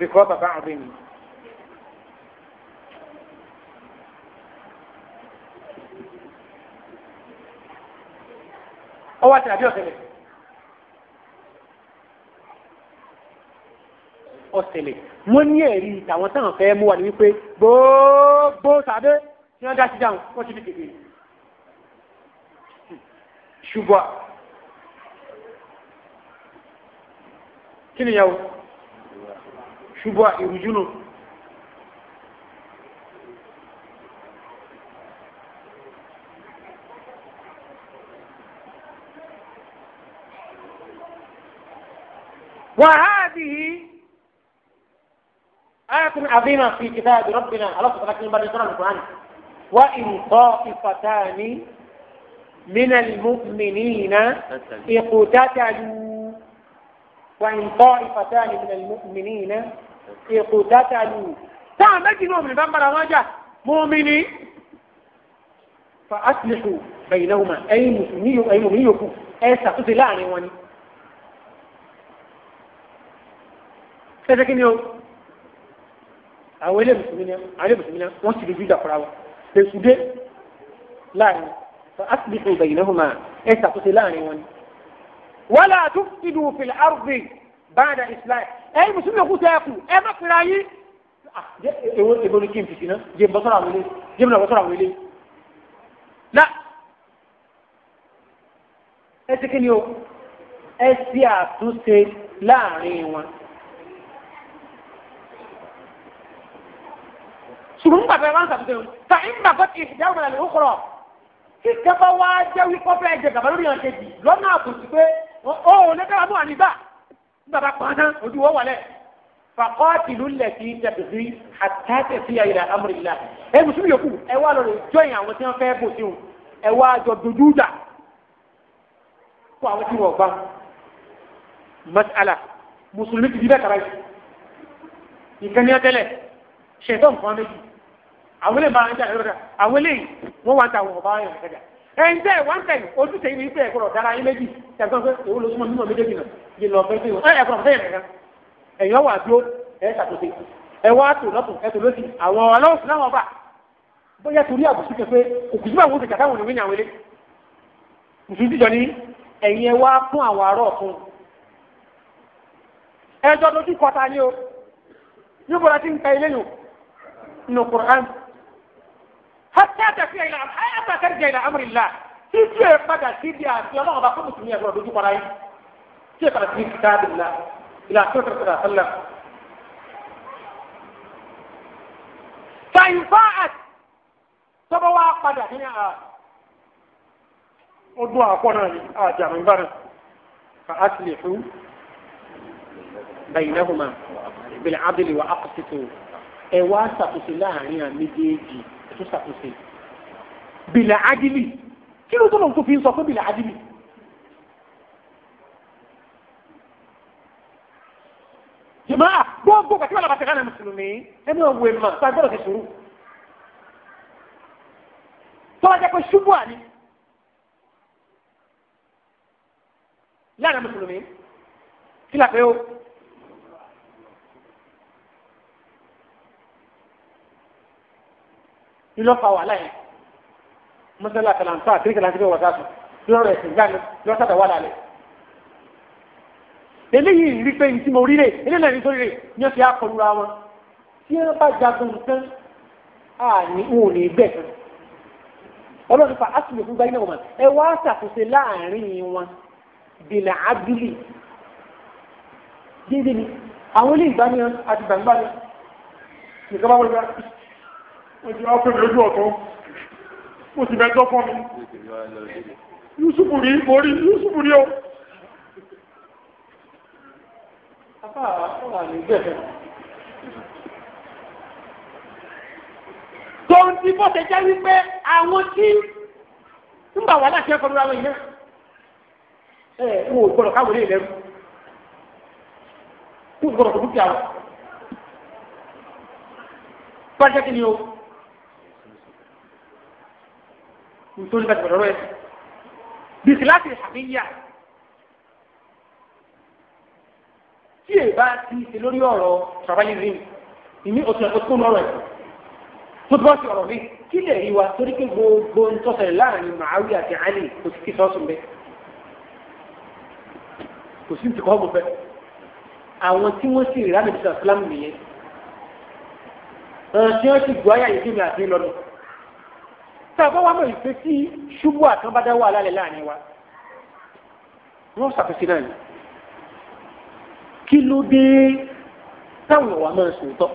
ذكرى بعض ọwọ́ àti àbí ọ̀sẹ̀lẹ̀ ọ̀sẹ̀lẹ̀ mo ní ẹ̀rí ìtàwọn táwọn fẹ́ mú wà ní wípé gbogbo sàbé tí wọ́n dá sí dáhùn wọ́n ti di ṣùgbọ́n kí ni yẹn شبهة يرجونه وهذه آية عظيمة في كتاب ربنا الله سبحانه وتعالى يقرأ القرآن وإن طائفتان من المؤمنين اقتتلوا وإن طائفتان من المؤمنين èkó dátàlù táà méjì náà mìíràn bára wọn jà mọ́mí ni fa aslihu bainahuma ẹ̀yin mùsùlùmí yòókù ẹ ṣàtúnṣe láàrin wọn ni. ṣẹ́ṣẹ́ kí ni o àwọn ilé mùsùlùmí náà àwọn ilé mùsùlùmí náà wọ́n ti dojú ìjà fúnra wọn lẹ́sùn láàrin fa aslihu bainahuma ẹ ṣàtúnṣe láàrin wọn ni ẹ̀yin mùsùlùmí òkú tẹ ẹkù ẹ má pèrè ayé èwo èwo ni kí n Na náà jẹ́ bọ́sọ̀rọ̀ àwọn ilé jẹ́ bọ́nà bọ́sọ̀rọ̀ àwọn ilé náà ẹ ti kí ni o ẹ ṣe àtúnṣe láàrin wọn. ṣùgbọ́n bàbá wọn sàtúnṣe wọn ta ìgbà bọ́ ti ìdáhùn àlẹ́ òkúrọ̀ kí kẹfà wá jẹ́ wípé ọ̀fẹ́ ẹ̀jẹ̀ gàbá lórí ọ̀kejì lọ́nà àtúnṣe pé ó ò lẹ́kẹ́ bàbá pàánà ojú wọ́n wà lẹ̀ fàkọ́tìlú lẹ̀tì tẹ̀sí àtàtẹ̀sí àyìnlá amúrìlá ẹ mùsùlùmí yòókù ẹ wá lọ́rọ̀ jọyìn àwọn tí wọ́n fẹ́ bò sí wọn ẹ wá jọ dojú dà kó àwọn tí wọ́n bá masala mùsùlùmí ti di bẹ́ẹ̀ kaba yìí ìkànnì àtẹlẹ ṣètò nǹkan méjì àwọn eléyìí máa ń jà lọ́dọ̀ àwọn eléyìí wọ́n wá ń ta àwọn ọba yẹn kẹjà. e wọ́n tẹ̀ ojúṣe ibi ìpẹ́ ẹ̀kọ́ dára ayé méjì imeji pé èwo ló súnmọ́ mímọ́ méjèèjì náà yìí lọ fẹ́ fẹ́ ẹ̀kọ́ fẹ́ ẹ̀rẹ̀ kan ẹ̀yọ́ wà dúró ẹ̀ ṣàtúnṣe ẹ̀ wá tò lọ́tùn ẹ̀ àwọn náà bà bóyá torí àbùsù kàtà wọn fún àwọn kọta hata tafiya ila hata tarja ila amri Allah títí ẹ padà síbi àti ọlọ́run bá fún mùsùlùmí ẹ̀fọ́ lójú para yìí tí ẹ padà síbi kìtàbí ńlá ìlà tó tẹ̀lé tẹ̀lé àtẹlẹ. fàyìnfà àti tọ́bọ̀ wá padà ní à ọdún àpọ̀ náà ni àjàmù ìbára fa aslihu baynahuma bil adli wa aqsitu ẹ wá ṣàtúnṣe láàrin àméjèèjì tó ṣàkóso bìlà ádìlì kí ló tó lòun tó fi ń sọ pé bìlà ádìlì. jàmáà gbogbo kàtí wàlá bàtà kánà mùsùlùmí ẹni òwe mà tá a gbọ́dọ̀ ti sùúrù tọ́lá jẹ́ pé ṣubú àní láàrin mùsùlùmí kí làpẹ́ o. ìlọ́fà wà láyé mọ́sálà kàlàǹtà àtìrí kàlàǹtà bí wọ́n sá sùn lọ́rọ̀ ẹ̀sìn gbani lọ́sàdà wà lálẹ́. eléyìí rí pé ní tí mo rí rè eléyìí náà ní sórí rè ní ó fi akọlù ra wọn tí wọ́n bá jagun nǹkan à ní òun ní bẹ́ẹ̀ kan ọlọ́run fa asùnlù fún gbáyé náà wọ̀n ẹ wá ṣàtúnṣe láàrin wọn bìnà ábílì dídí ni àwọn ilé ìgbani àti gbàngbani mo ti wá pè mí jẹ́ wípé àwọn tí ń bà wà láti ẹ̀kọ́ lórí àwọn ìyá ẹ̀ wò gbọ́dọ̀ káwọn ilé ìlẹ́rú kó gbọ́dọ̀ tó dúkìá wọn. bá jẹ́ ni o. nítorí bá ti bọ̀dọ̀ rẹ̀ bìsí láti àbíyá tí èyí bá ti ṣe lórí ọ̀rọ̀ travelism ìní oṣù ọ̀tún ọ̀rọ̀ ẹ̀ tó bọ́ sí ọ̀rọ̀ mi kí lè rí wa torí pé gbogbo ń tọ́sẹ̀ láàrin màáwí àti àlè kò sí kí sọ́ọ̀sì ń kò sí ti kọ́ gbọ́fẹ́ àwọn tí wọ́n sì rí ránìbísà fúlámù nìyẹn ọ̀rọ̀ tí wọ́n sì gbọ́ ayé àyè tàbá wa mọ̀ ìfẹ́ sí ṣubú àtànbádá wà lálẹ́ láàrin wa wọ́n ṣàfihàn náà ni kí ló dé táwọn ọ̀wà máa sòótọ́.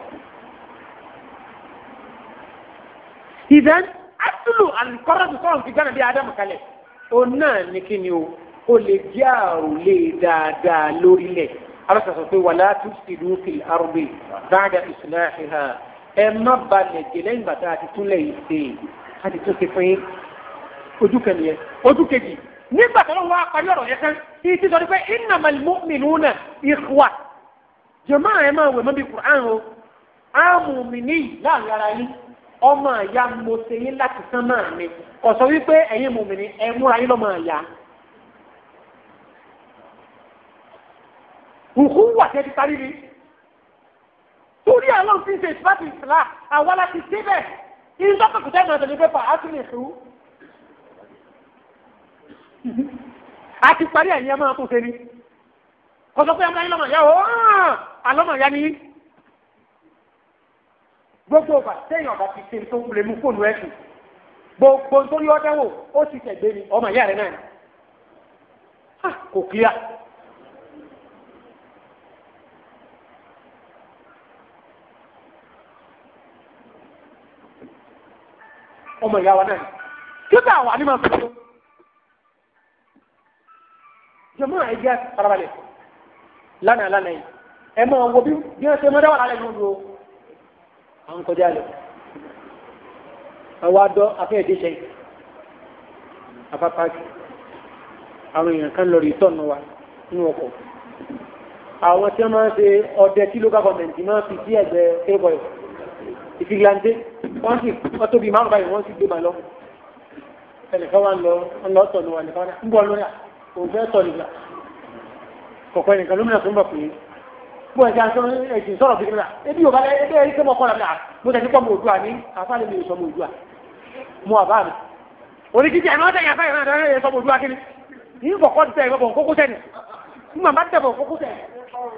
ìdán asúlù àlùkọ́rọ́dù sọ̀rọ̀ fi gbọ́nà bí ádámù kalẹ̀ ó náà ní kí ni o ó lè jẹ́ àròlé dáadáa lórílẹ̀ alásàsọ pé wàlá tó ti dùn sí arúgbó báàdà ìsúná àfihàn ẹ má balẹ̀ jẹ́ lẹ́yìn bàtà àti túnlẹ̀ yìí àti tó ṣe pé ojú kẹni yẹn ojú kejì nígbà tó lọ́wọ́ parí ọ̀rọ̀ yẹn tán ní ti sọ pé innamal mu'minuna ikhwa jọ̀mọ́ ẹ̀ máa wẹ̀ mọ́bi Qur'an o áàmù mi ní láàrin ara yín ọmọ àyà mo ṣe yín láti sán máa mi kò sọ wípé ẹ̀yin mò mí ẹ múra yín lọ́mọ àyà. Nkú wà tẹ́tí parí ni. Torí àlọ́ fi ń ṣe ìfúráṣì ìfúrá àwa láti síbẹ̀ iṣẹ́ kòkòtò ẹ̀nà ọ̀sẹ̀ pé fà á tún lè ṣú. a ti parí ẹ̀yìn ẹ̀mọ́ tó ṣe ni kò sọ pé ẹ̀mọ́ ayé lọ́mọ ìyá o àlọ́mọ ni gbogbo ọba sẹ́yìn ọba ti ṣe tó lè mú fóònù ẹ̀ sùn gbogbo nítorí ọdẹ wo ó ti tẹ̀gbẹ́ ni ọmọ ìyá rẹ̀ náà kò kíá. ọmọ ìyá wa náà títà wà ní màá tuntun jọmọ ẹgbẹ farabalẹ̀ lánàá lánàá yìí ẹ máa wo bí bí wọn ṣe mọ dáwà lálẹ́ yìí wọn à ń kọjá lọ àwọn adọ afẹ́ẹ̀dẹ́ ṣe afápáàkì àwọn èèyàn kan lọ rí tọ́nù wa nínú ọkọ̀ àwọn tí wọ́n máa ń ṣe ọdẹ tí local government máa fi sí ẹgbẹ́ ẹgbọ́ ìfìgbàǹdé wọ́n sì wọ́n tóbi márùn báyìí wọ́n sì gbé màá lọ ẹnìkan wà lọ ọlọ́ tọ̀ lọ ẹnìkan wà ń bọ̀ lọ́yà òun fẹ́ tọ̀ nígbà kọ̀kọ́ ẹnìkan ló mìíràn tó ń bọ̀ pé bó ẹ̀jẹ̀ àti ẹ̀jìn sọ̀rọ̀ bí nígbà ebi yóò bá lẹ́ ẹgbẹ́ ẹ̀rí sẹ́mọ̀ kọ́ra náà ah, mo tẹ̀ nípa mo òdua ní àfáàlẹ́ mi sọ mo òdua mo àbá mi oníkìtì àmì ọ̀tẹ̀ yẹn afáyẹ̀ náà sọ mo òdua kíni yìí kọ̀kọ́ ti tẹ̀ ẹ̀ bọ̀ kókó tẹ̀ ní màmá tẹ̀ bọ̀ kókó tẹ̀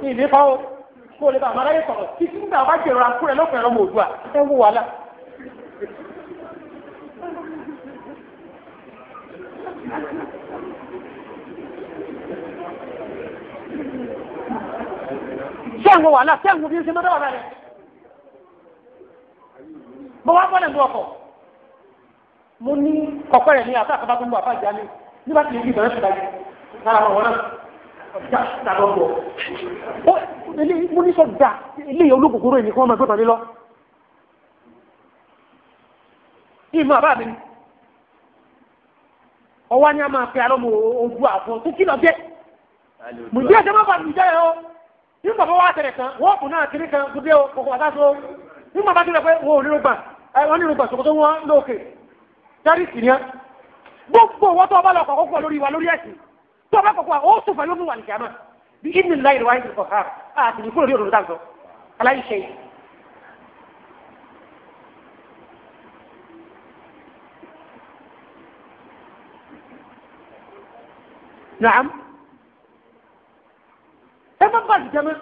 ní ìlẹ́fà ó kó o lè bá àmàlà yẹn sọ̀rọ̀ títí nígbà bá jẹ̀rọ̀ akúrẹ́ lọ́kùnrin lọ́mọ òdua ẹ wó wàhálà sẹ́wọ̀n wàhálà sẹ́wọ̀n bí ó ṣe mọ́tò rẹ̀ mo wá bọ́lẹ̀ mú ọkọ̀ mo ní kọ̀pẹ́ rẹ̀ ní àtà àkàbà tó ń bọ̀ àfà nígbà tí ìbí bẹ̀rẹ̀ ṣùgbọ́n lára àwọn ọ̀rọ̀ náà dàgbọ̀ bọ̀ mo ní sọ dà ilé olókùnkùn rẹ̀ kí wọ́n máa gbé tọ́lé ìmọ̀ àbá mi ọwọ́ ni a máa pe alọ́mọ ojú àfọ tó kí lọ jẹ́ mùdí ẹ̀jẹ̀ má bàtú jẹ́ o ní bàbá wa tẹ̀lẹ̀ kan wọ́n kù náà kiri kan gbogbo kòkò àtà so ní bàbá tó lọ pé wọn ò nínú gbà wọn nínú gbà sòkòtò wọn lókè járí sì ni á gbogbo owó tó ọba lọ kọ̀ọ̀kọ́ pọ̀ lórí wa lórí ẹ̀sìn tó ọba kọ̀ọ̀kọ́ ó sùn pẹ̀lú mú wà nìkàmà bí ìdílé láì lọ́wọ́ àìsàn kọ̀ọ̀kọ́ àti ìfúnlẹ̀ nàám ẹ má bá àtijọ́ mọ́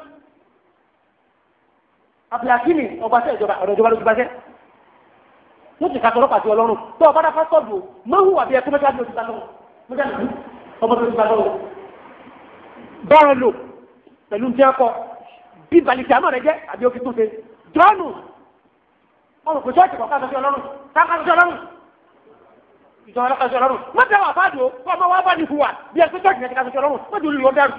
àbíyàkínì ọgbàṣẹ́ ìjọba ọ̀rọ̀ ìjọba ló ti bàṣẹ́ wọ́n ti kàtọ́ lọ́pàá sí ọlọ́run tó ọba dá pásítọ̀dù mọ́hù àbí ẹ̀kọ́ mẹ́ta ló ti bá lọ́wọ́ mẹ́ta ló ọmọ tó ti bá lọ́wọ́ bọ́ọ̀rọ̀ lò pẹ̀lú ti ẹ̀kọ́ bí balìkì àmọ́ rẹ jẹ́ àbí òkè tó ṣe jọ́ọ̀nù ọ̀rọ̀ kò sọ́ọ̀tì kọ̀ọ̀kan sọ́sí ọlọ́run ìtàn alákàṣọ ọlọ́run wọ́n tẹ́ wà fáàdùn ó kọ́ ọmọ wa bá nìkú wa bí ẹgbẹ́ tó jìnnà kàṣọ ọlọ́run wọ́n jòlù yọ dàrú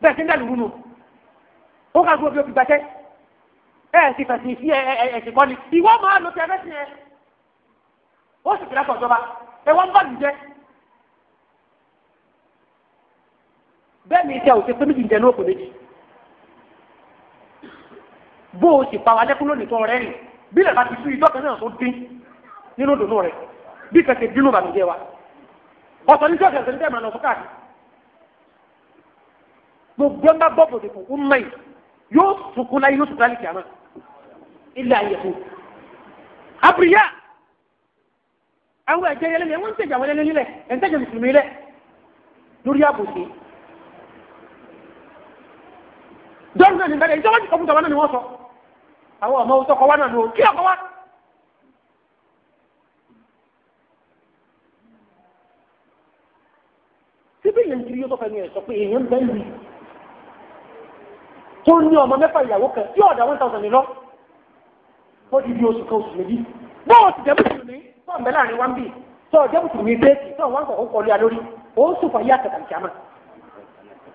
bẹ́ẹ̀ sí ń dàlú wúnu ó kà gbogbo òbí gbàtẹ́ ẹ ẹ sì fẹ̀sì sí ẹ ẹ ẹ̀sìn kọ́ni ìwọ máa lo tẹ́lẹ̀ sí ẹ ó sì fìlà tọ̀jọba ẹ wọ́n bá nìjẹ́ bẹ́ẹ̀ ni ìjà òṣèpé méjì ń jẹ ní òkò méjì bó o sì pa wa lẹ́kún lónìí tó rẹ́rìn bí lè bá ti tú ìjọ́ kan náà tó dín nínú dùnú rẹ̀ bí kẹsì bínú bàmíjẹ wa ọ̀tọ̀ ní sọ́ọ̀sì ẹ̀sẹ̀ ní bẹ́ẹ̀ máa lọ fún káàkiri gbogbo ńlá bọ́ bòde kò ń mẹ́yìn yóò sunkún láyé yóò sunkún láyé kìámà ilé ayé fún abiriya àwọn ẹ̀jẹ̀ yẹlẹ́lẹ́ wọ́n ń tẹ̀jà wọlé lẹ́lẹ́ ẹ̀ńtẹ̀jà mùsùlùmí lẹ̀ lórí àbòsí dọ́ọ̀nù náà ní bẹ́ẹ̀ ìjọba ti kọ́ fún tọ́wọ́ náà ni wọ́n sọ àwọn ọmọ òtọ́kọ̀ wá náà ló kí ọkọ̀ wá. èèyàn ti rí yóò tó fẹnu ẹ̀ sọ pé èèyàn bẹ́ẹ̀ ni tó ní ọmọ mẹ́fà ìyàwó kan tí ọ̀dà one thousand lọ wọ́n ti di oṣù kan oṣù méjì bọ́ọ̀ ti jẹ́bùtù mi tó ọ̀mẹ́ láàrin wá ń bì tó ọ̀jẹ́bùtù mi bẹ́ẹ̀kì tó ọ̀wá ń kọ̀ọ̀kọ́ kọ́lé alórí ó ń sùn fàyà kàtà ìjàmà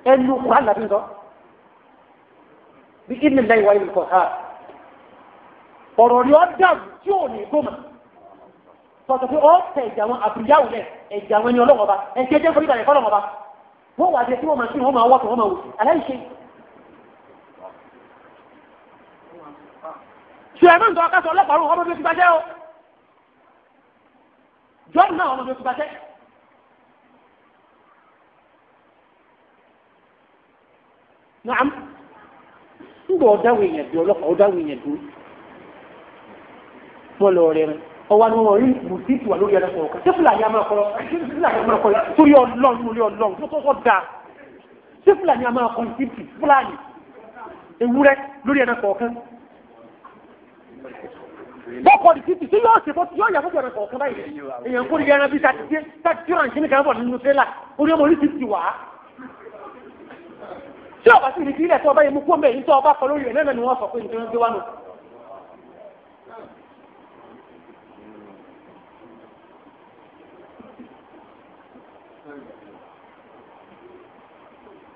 ẹnu kùrá làbí sọ bí ìdílé láì wáyé nǹkan ha ọ̀rọ̀ rí ọ́ dàrú tí ò ní gbọ́mà tọ̀tọ̀ pé ọ́ tẹ ẹ̀jà wọn àbújáwò lẹ̀ ẹ̀jà wọn ni ọlọ́wọ́ ba ẹ̀jẹ̀ jẹ́ forí wọ́n wà jẹ́ tí wọ́n máa sí wọ́n máa wọ́pọ̀ wọ́n máa wò aláìṣe. sùlẹ̀mí ń tọ́ ká sọ ọlọ́pàá rún ọmọdé ti bàjẹ́ o jọ́ọ̀bù náà ọmọdé ti bàjẹ́. nàám ń bọ̀ ọ̀dáwìn yẹn dùn ọlọ́pàá ọ̀dáwìn yẹn dùn mọ́ lọ rẹ̀ rẹ̀ ọwọ́ ni wọ́n rí mùsíìtì wà lórí ẹlẹ́kọ̀ọ́ kan sífìlà ni a máa kọ́ sífìlà ni a máa kọ́ torí ọlọ́run lórí ọlọ́run tó kọ́kọ́ da sífìlà ni a máa kọ́ sífìtì fúlàní ewúrẹ́ lórí ẹlẹ́kọ̀ọ́ kan bọ́kọ̀ di títì tí yóò ṣe fọ́ tí yóò yà fọ́tò ẹ̀rọ kọ̀ọ̀kan báyìí èèyàn kó ní ẹran bíi tàti tí tàti tí ràn kíni kan bọ̀ nínú tírélà orí ọmọ orí títì wá. tí ọba sì ní kí ilẹ̀ tí ọba yẹn mú kó mẹ́rin tí ọba kọ lórí ẹ̀ náà ni wọ́n sọ pé nǹkan gbé wá nù.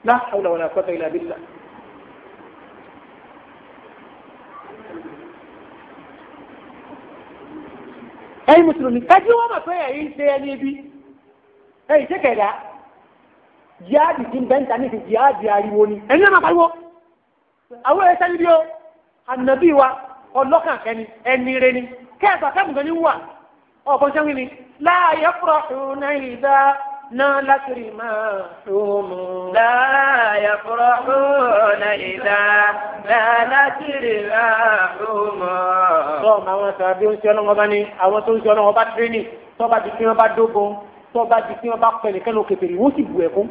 لا حول ولا قوة إلا بالله. ẹ̀yin mùsùlùmí kájí wọn mọ̀ pé ẹ̀yin ṣe ẹni ibi ẹ̀yin ṣe kẹ̀dá jíáàdì tí ń bẹ́ńtà ní ti jíáàdì ariwo ni ẹ̀yin náà máa pariwo àwọn ẹ̀ṣẹ́ níbi o ànàbí wa ọlọ́kàn kẹ́ni ẹni rẹ ni kẹ́ẹ̀bà kẹ́mùgán ni wà ọ̀bọ̀n ni láàyè fúra òun ìdá náà lákìrì máa tóhùn. láàyà fúra hóònà ìdá náà lákìrì máa tóhùn. sọ́ọ̀mù àwọn sàbí ń ṣe ọlọ́wọ́ bá ní àwọn tó ń ṣe ọlọ́wọ́ bá tírénì tọ́ba di kí wọ́n bá dógun tọ́ba di kí wọ́n bá pẹ̀lẹ́ kẹ́lẹ́ òkè pèlè wọ́n sì bù ẹ̀kún.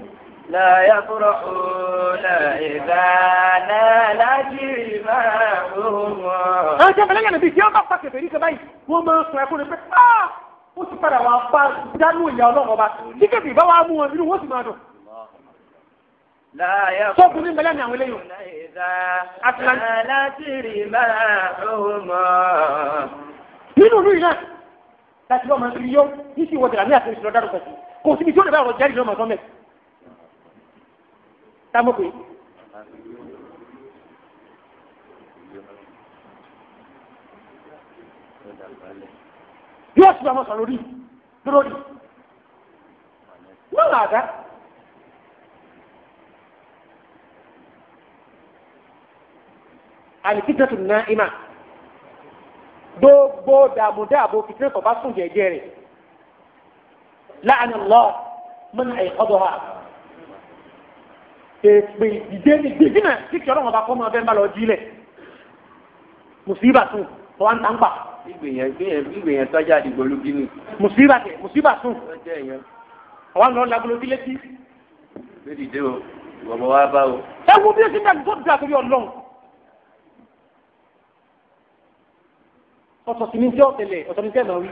láyà fúra hóònà ìdá náà lákìrì máa tóhùn. àwọn ṣẹ́fẹ̀lẹ́ yàrá bíi tí wọ́n bá pa kẹfẹ́ ó ti padà wà pa dánú ìyá ọlọ́run ọba tí kébì bá wà mú wọn nínú wọn sì máa dùn. Sọ́ọ̀bù mẹ́lẹ́ ni àwọn eléyìí. Atlantic. máa ń mọ̀. Nínú ìlú iná láti lọ́mọ ìrìn yó ní sí ìwọ̀dà ní àti ìṣúná dárúkọ sí. Kò síbi tí ó lè bá ọ̀rọ̀ jẹ́rìí lọ́mọ sọ́mẹ̀. Táwọn pè é. yóò sì máa sọ̀rọ̀ rí dúró rí wọ́n là dá. alikitatu na ima gbogbo dààmúdààbò fìtínà tó bá sùn jẹ́jẹ́ rẹ̀ láàánú lọ mọ́nà ẹ̀kọ́dọ̀ ha èpè ìdíje ní gbèjìnà tí kí ọlọ́run ọba kọ́ máa fẹ́ máa lọ jílẹ̀ mùsíbà tún tó wá ń tà ń pa. ìgbìyànjú sọ́jà àdìgbò ló bí mi. mùsíbà tẹ mùsíbà sùn. àwọn àlọ́ làgolo bí létí. lórí ìdè o ìwọ̀mọ̀ wa bá o. ẹ wo bí o ti dàgbé tó dà torí ọlọ́run. ọ̀tọ̀ sí ní jẹ́ ọ̀tẹ̀lẹ̀ ọ̀tọ̀ ní jẹ́ náà wí.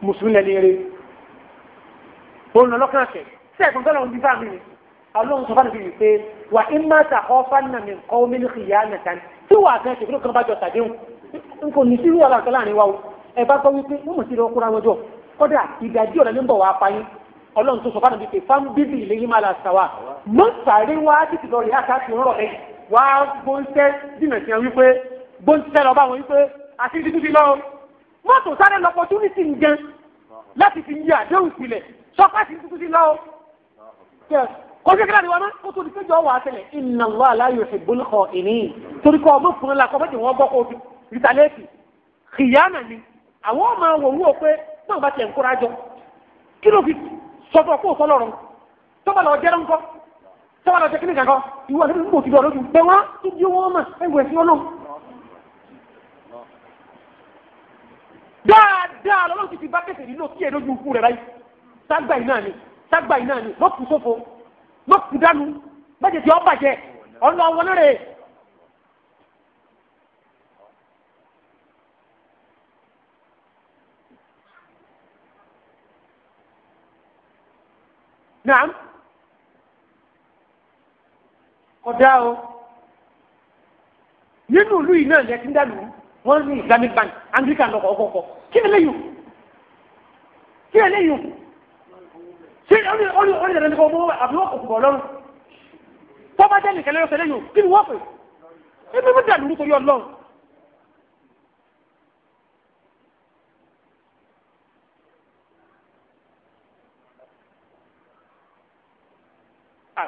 mùsùlùmí eré alóhùn sọfánà fi wípé wà ìmá sàkọ́fánà mi kọ́ omi ní kìyà nàta tí wà á fẹ́ ṣèkúrò kan bá jọ tàdéhùn n kò ní sírú ọ̀la àtọ́lá àríwá o ẹ bá gbọ́ wípé wọ́n mọ̀ sí lọ́ọ́ kóra wọn jọ kọ́dà ìdájí ọ̀la ní ń bọ̀ wá fáyín ọlọ́run tó sọfánà fi pé fáwọn bíbí ilé yìí máa la sàwà mọ́ sàrí wá títí lọ rí àtàkì ń rọ̀ ẹ wá gbóńsẹ́ dìnà sí wípé gbóńsẹ́ lọ bá wọn wípé àti títí fi lọ mọ́tò sáré lọ opportunity ń gan láti fi yí àdéhùn sílẹ̀ sọ́kà sí títí fi lọ kọjú kíláà ni wọn mọ kó tó di kéjọ wà á tẹlẹ inna Allah la yuhibbul kha'inin torí kọ ọmọ fún la kọ ọmọ jẹ wọn gbọ kó fi rìtàlẹ́ẹ̀tì kìyàmà ni àwọn ọmọ wò wúwo pé náà bá tiẹ̀ ń kóra jọ kí ló fi sọtọ kó sọ lọrùn tọ́ba lọ jẹ́rọ ńkọ tọ́ba lọ jẹ́ kíni kankan ìwọ àti mímú òtítọ́ lójú pé wọ́n tó di owó mà ẹ̀wẹ̀ sí ọlọ́run. dáadáa lọ́lọ́run ti bá kẹsẹ̀ nínú kí ẹ̀ lójú ikú rẹ̀ báyìí ságbà yìí náà ni ságbà yìí náà ni lọ́kùn ló kù dánú bẹ́ẹ̀ tí ọ bàjẹ́ ọ̀nà ọ̀wọ́n lóore. Naam kọjá o nínú ìlú yìí náà lẹ́tí ń dànù wọ́n ní Islamic bank Anglican lọ́kọ̀ọ́kọ̀ọ́kọ̀ kí ni lẹ́yìn kí ni lẹ́yìn ṣé ó lè rẹ̀ nípa ọmọ àbí wọ́n kò kò lọ́rùn tó bá jẹ́ nìkan lẹ́yọ́ sẹ́lẹ́yìn kí ni wọ́n pè é bí wọ́n dà lórí torí ọlọ́run.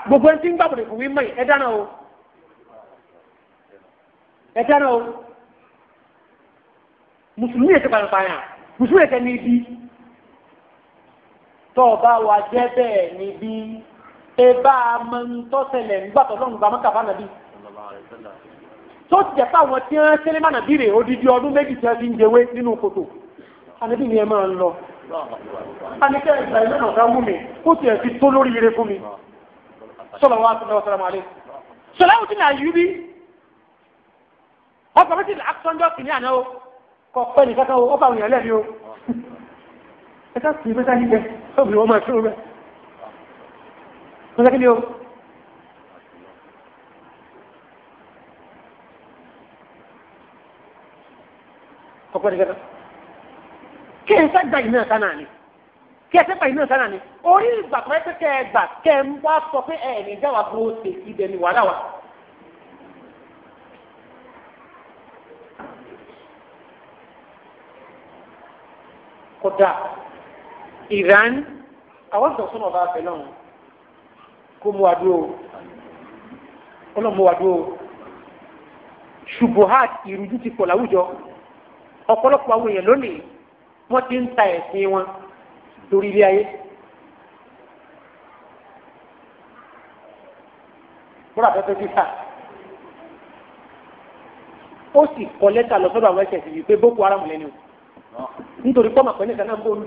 gbogbo ẹni tí ń gbàgbọ́ nìkan wí mọ̀ ẹ̀ dáná o ẹ̀ dáná o mùsùlùmí ẹ̀ ti pàrọ̀ pààyàn mùsùlùmí ẹ̀ tẹ́ ní ibi tó o bá wa jẹ́ bẹ́ẹ̀ níbí ẹ bá a mọ ní tọ́sẹ̀lẹ̀ nígbà tó lọ́nà gbàmọ́ kàfá nàbí. tó ti jẹ́ pé àwọn tí wọ́n ṣẹlẹ̀ má nàbí rè odidi ọdún méjì tí wọ́n fi ń jẹwé nínú kòtò àníbí ni ẹ máa ń lọ. àníkẹ́ ìgbà ìlú náà wú mi kó tiẹ̀ fi tó lórí ire fún mi. sọlọ wa sọlọ wa sọlọ màálé. sọlá òtí ni àyù bí ọkọ̀ méjìlá akọ́ńdọ́ọ̀kì ní àná o kọ̀ pẹ́ nìkan kan o ó bá òyìnbó ẹ̀ká sí mẹ́ta jíjẹ ọ̀bìnrin wọ́n máa ṣúrò mẹ́ mọ́sákí ni ó ọ̀pọ̀ nìkan kí ẹ sẹ́gbà iná sánà ni kí ẹ sẹ́gbà iná sánà ni orí ìgbà tó ẹ́pẹ́ kẹ́ ẹ gbà kẹ́ ẹ ń wá sọ pé ẹ ní jáwà bó ibẹ̀ ni wàhálà wa. kódà ìran àwọn ìtọ̀sọ́nà ọba afẹ́ náà kó mú adúró ọlọ́mú adúró ṣubuhat ìrújú ti pọ̀ láwùjọ ọ̀pọ̀lọpọ̀ àwọn èèyàn lónìí wọ́n ti ń ta ẹ̀sìn wọn lórí ilé ayé. kúrò afẹ́fẹ́ fífà ó sì kọ lẹ́tà lọ sọ́dọ̀ àwọn ẹ̀sẹ̀ sì wípé boko haram lẹ́nu nítorí pọ́ọ̀mù àpẹẹrẹ nìkan ń bọ̀ lù.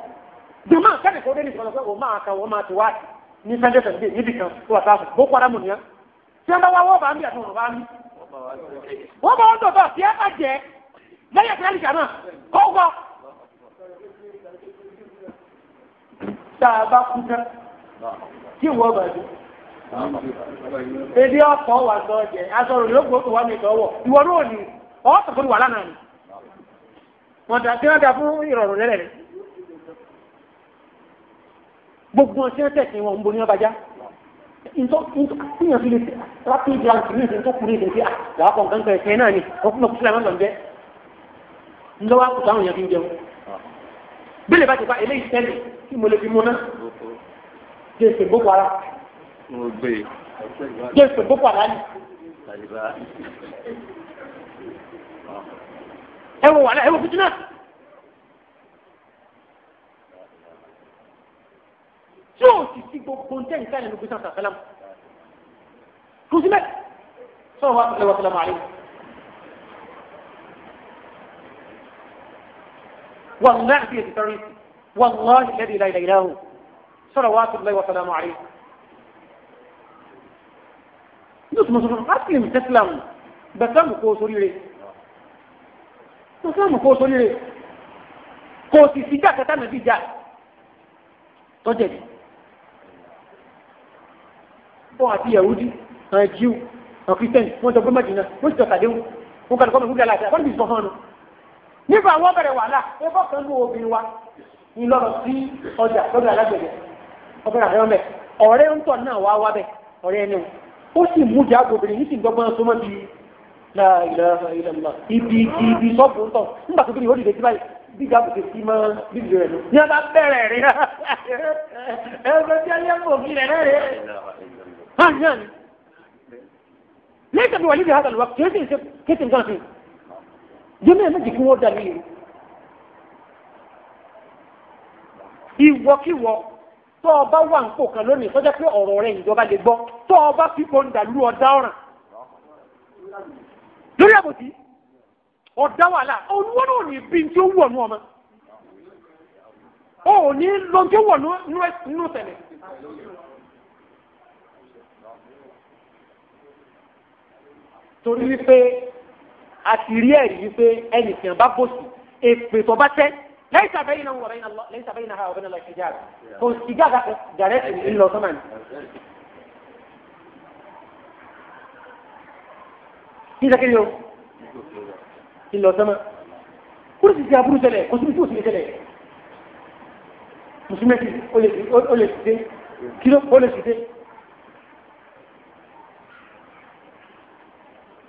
jama kẹ́ni kò dé ní ìṣọ̀lọ́sọ́ o máa kan o máa n'i wáàtì ní sunday n'i níbi kan tó wà sáàbù bó kwara mu nìyẹn tí wọ́n bá wá wọ́n bá ń bí àtúnwò bá ń bí. wọ́n bá wọn tó tọ̀ sí ẹ bá jẹ́ lẹ́yìn a wà sọ jẹ aṣọ òròyìn ó gbóòtò wà ní ìwọ náà ni gbogbo ọ̀sẹ̀ tẹ̀sí wọn ń bo ní ọba já ìyàn fi lè rápí grand prix ní tó kúrò ìdẹ̀sí àwọ̀pọ̀ nǹkan kan ẹ̀sẹ̀ náà ni ọkùnrin ọkùnrin sílẹ̀ máa ń bẹ́ ńlọ́wọ́ àkùtà àwọn èèyàn fi ń jẹun bílẹ̀ bá ti bá eléyìí tẹ́lẹ̀ tí mo lè fi múná jẹ́sẹ̀ boko ara e. jẹ́sẹ̀ boko ara ni ẹ̀wọ̀n wà náà ẹ̀wọ̀n fìtínà. tí o sì ti gbogbo ń tẹ̀yìn káyọ̀ nígbésí àti àfẹ́lámù kùsì mẹ́ sọ̀rọ̀ wa sọ̀rọ̀ wa sọ̀rọ̀ màálí. والله في التريس والله الذي لا اله الا هو صلوات الله وسلامه عليه nítorí mọ̀sọ̀rọ̀ aslim teslam bẹ̀sẹ̀mù kó sórí rẹ̀ bẹ̀sẹ̀mù kó sórí rẹ̀ kò sì sí jà kẹta nàbí jà tọ́jẹ̀ yìí fún àti yahudi àwọn jíù àwọn kristian wọ́n jọ gbọ́mọ̀dì náà wọ́n sì jọ tàdéhùn wọ́n kàn kọ́mọ̀ gúdà láti àkọ́lù ìsọ̀ hàn nígbà wọ́n bẹ̀rẹ̀ wàhálà ẹgbọ́ kan ló obìnrin wa ń lọ́rọ̀ sí ọjà lọ́dọ̀ alágbègbè ọbẹ̀rẹ̀ àfẹ́ràn bẹ̀ ọ̀rẹ́ ń tọ̀ náà wá wá bẹ̀ ọ̀rẹ́ ẹni ó sì mú jà gbòbìnrin ní sì ń dọ́gbọ́n tó mọ́ di ibi ibi sọ́ọ̀bù ń tọ̀ nígbà tó bí ó dìde sí báyìí bí ìjà kò ṣe sí mọ́ bíbí rẹ̀ ló ní ọba bẹ̀rẹ̀ rí ẹgbẹ́ tí a yẹ kò fi rẹ̀ rẹ̀ هذا ليس بوليد هذا الوقت كيف كيف كان فيه جميع مجيك هو دليل ìwọkíwọ tó ọba wà ń pò kan lónìí sọjá pé ọ̀rọ̀ rẹ̀ ìjọba lè gbọ́ tó ọba fipò ń dàlú ọ̀dá ọ̀ràn lórí àbòsí ọ̀dá wàhálà olúwọ́n náà ní bí tí ó wọ̀ nú ọmọ ó ní lọ tí ó wọ̀ nú ẹ̀sìn nú sẹ̀lẹ̀ torí wípé a ti rí ẹ̀rí wípé ẹnìkan bá bòsì èpè tó bá tẹ́ lẹ́yìn tàbí iná wọ̀rẹ́ iná lọ lẹ́yìn tàbí iná ha ọ̀bẹ náà lọ ìṣèjà rẹ̀ kò sì jà gàrẹ́ sí ní lọ sọ́mà ni. kí ni sẹ́kẹ́rì o kí lọ sọ́mà kúrò sì ti aburú ṣẹlẹ̀ kò sí ní tí o sì lè ṣẹlẹ̀ mùsùlùmí o lè ṣiṣẹ́ kí ló o lè ṣiṣẹ́.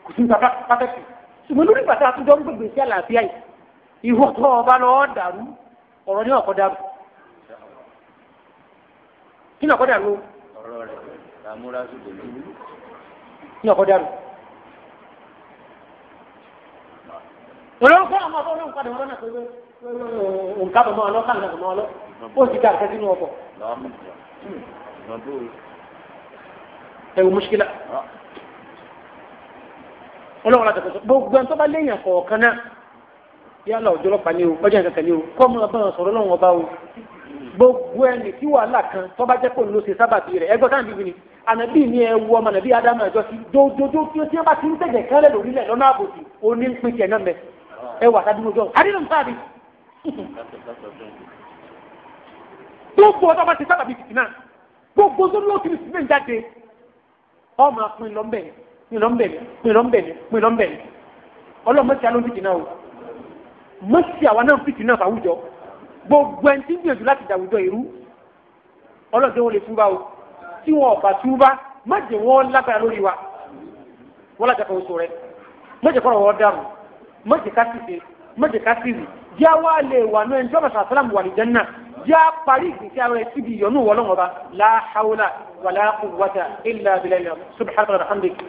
kò sí nǹkan pàtàkì ṣùgbọ́n lórí bàtà àtúndọ́ ń gbègbè sí àlàáfíà yìí ìwọ tó ọba lọ dàrú ọ̀rọ̀ ní ọ̀kọ́ dàrú kí ni ọ̀kọ́ dàrú ní ọ̀kọ́ dàrú. olórí fún àwọn ọmọ ọlọ́run padà wọn lọ́nà pé nǹkan bọ̀ mọ́ ọlọ́run láti sọ gbogbo ẹni tó bá léèyàn kọ̀ọ̀kan náà yálà òjò ọlọ́pàá ni o ọjọ́ ìyàn kankan ni o kọ́ mọ́ ọba sọ̀rọ̀ lọ́wọ́ ọba o gbogbo ẹni tí wàhálà kan tó bá jẹ́ pé ló ṣe sábàbí rẹ̀ ẹgbẹ́ táwọn bíbí ni ànàbí ni ẹ wọ ọmọ ànàbí ádámù ẹjọ́ sí dojojo tí ó ti bá ti ń tẹ̀jẹ̀ kálẹ̀ lórílẹ̀ lọ́nà àbòsí oní ń pin tiẹ̀ náà mẹ́ ẹ pìlọ́mbẹ̀ pìlọ́mbẹ̀ pìlọ́mbẹ̀ ọlọ́mọ sí alóhùn fìtì náà o mọ sí àwa náà fìtì náà fàwùjọ gbogbo ẹni tí ń gbìyànjú láti dàwùjọ ìrú ọlọ́dẹ wọn lè túbá o tí wọn ọ̀bà túbá má jẹ wọn lágbára lórí wa wọn lájà kan oṣù rẹ má jẹ kọ́rọ̀ wọn dàrú má jẹ ká síse má jẹ ká sírì jẹ́ wá lè wà náà ẹni tí wọ́n bá sàlámù wà ní jẹ́nnà já parí ìgbésí ara ẹ bá la hawla wàlá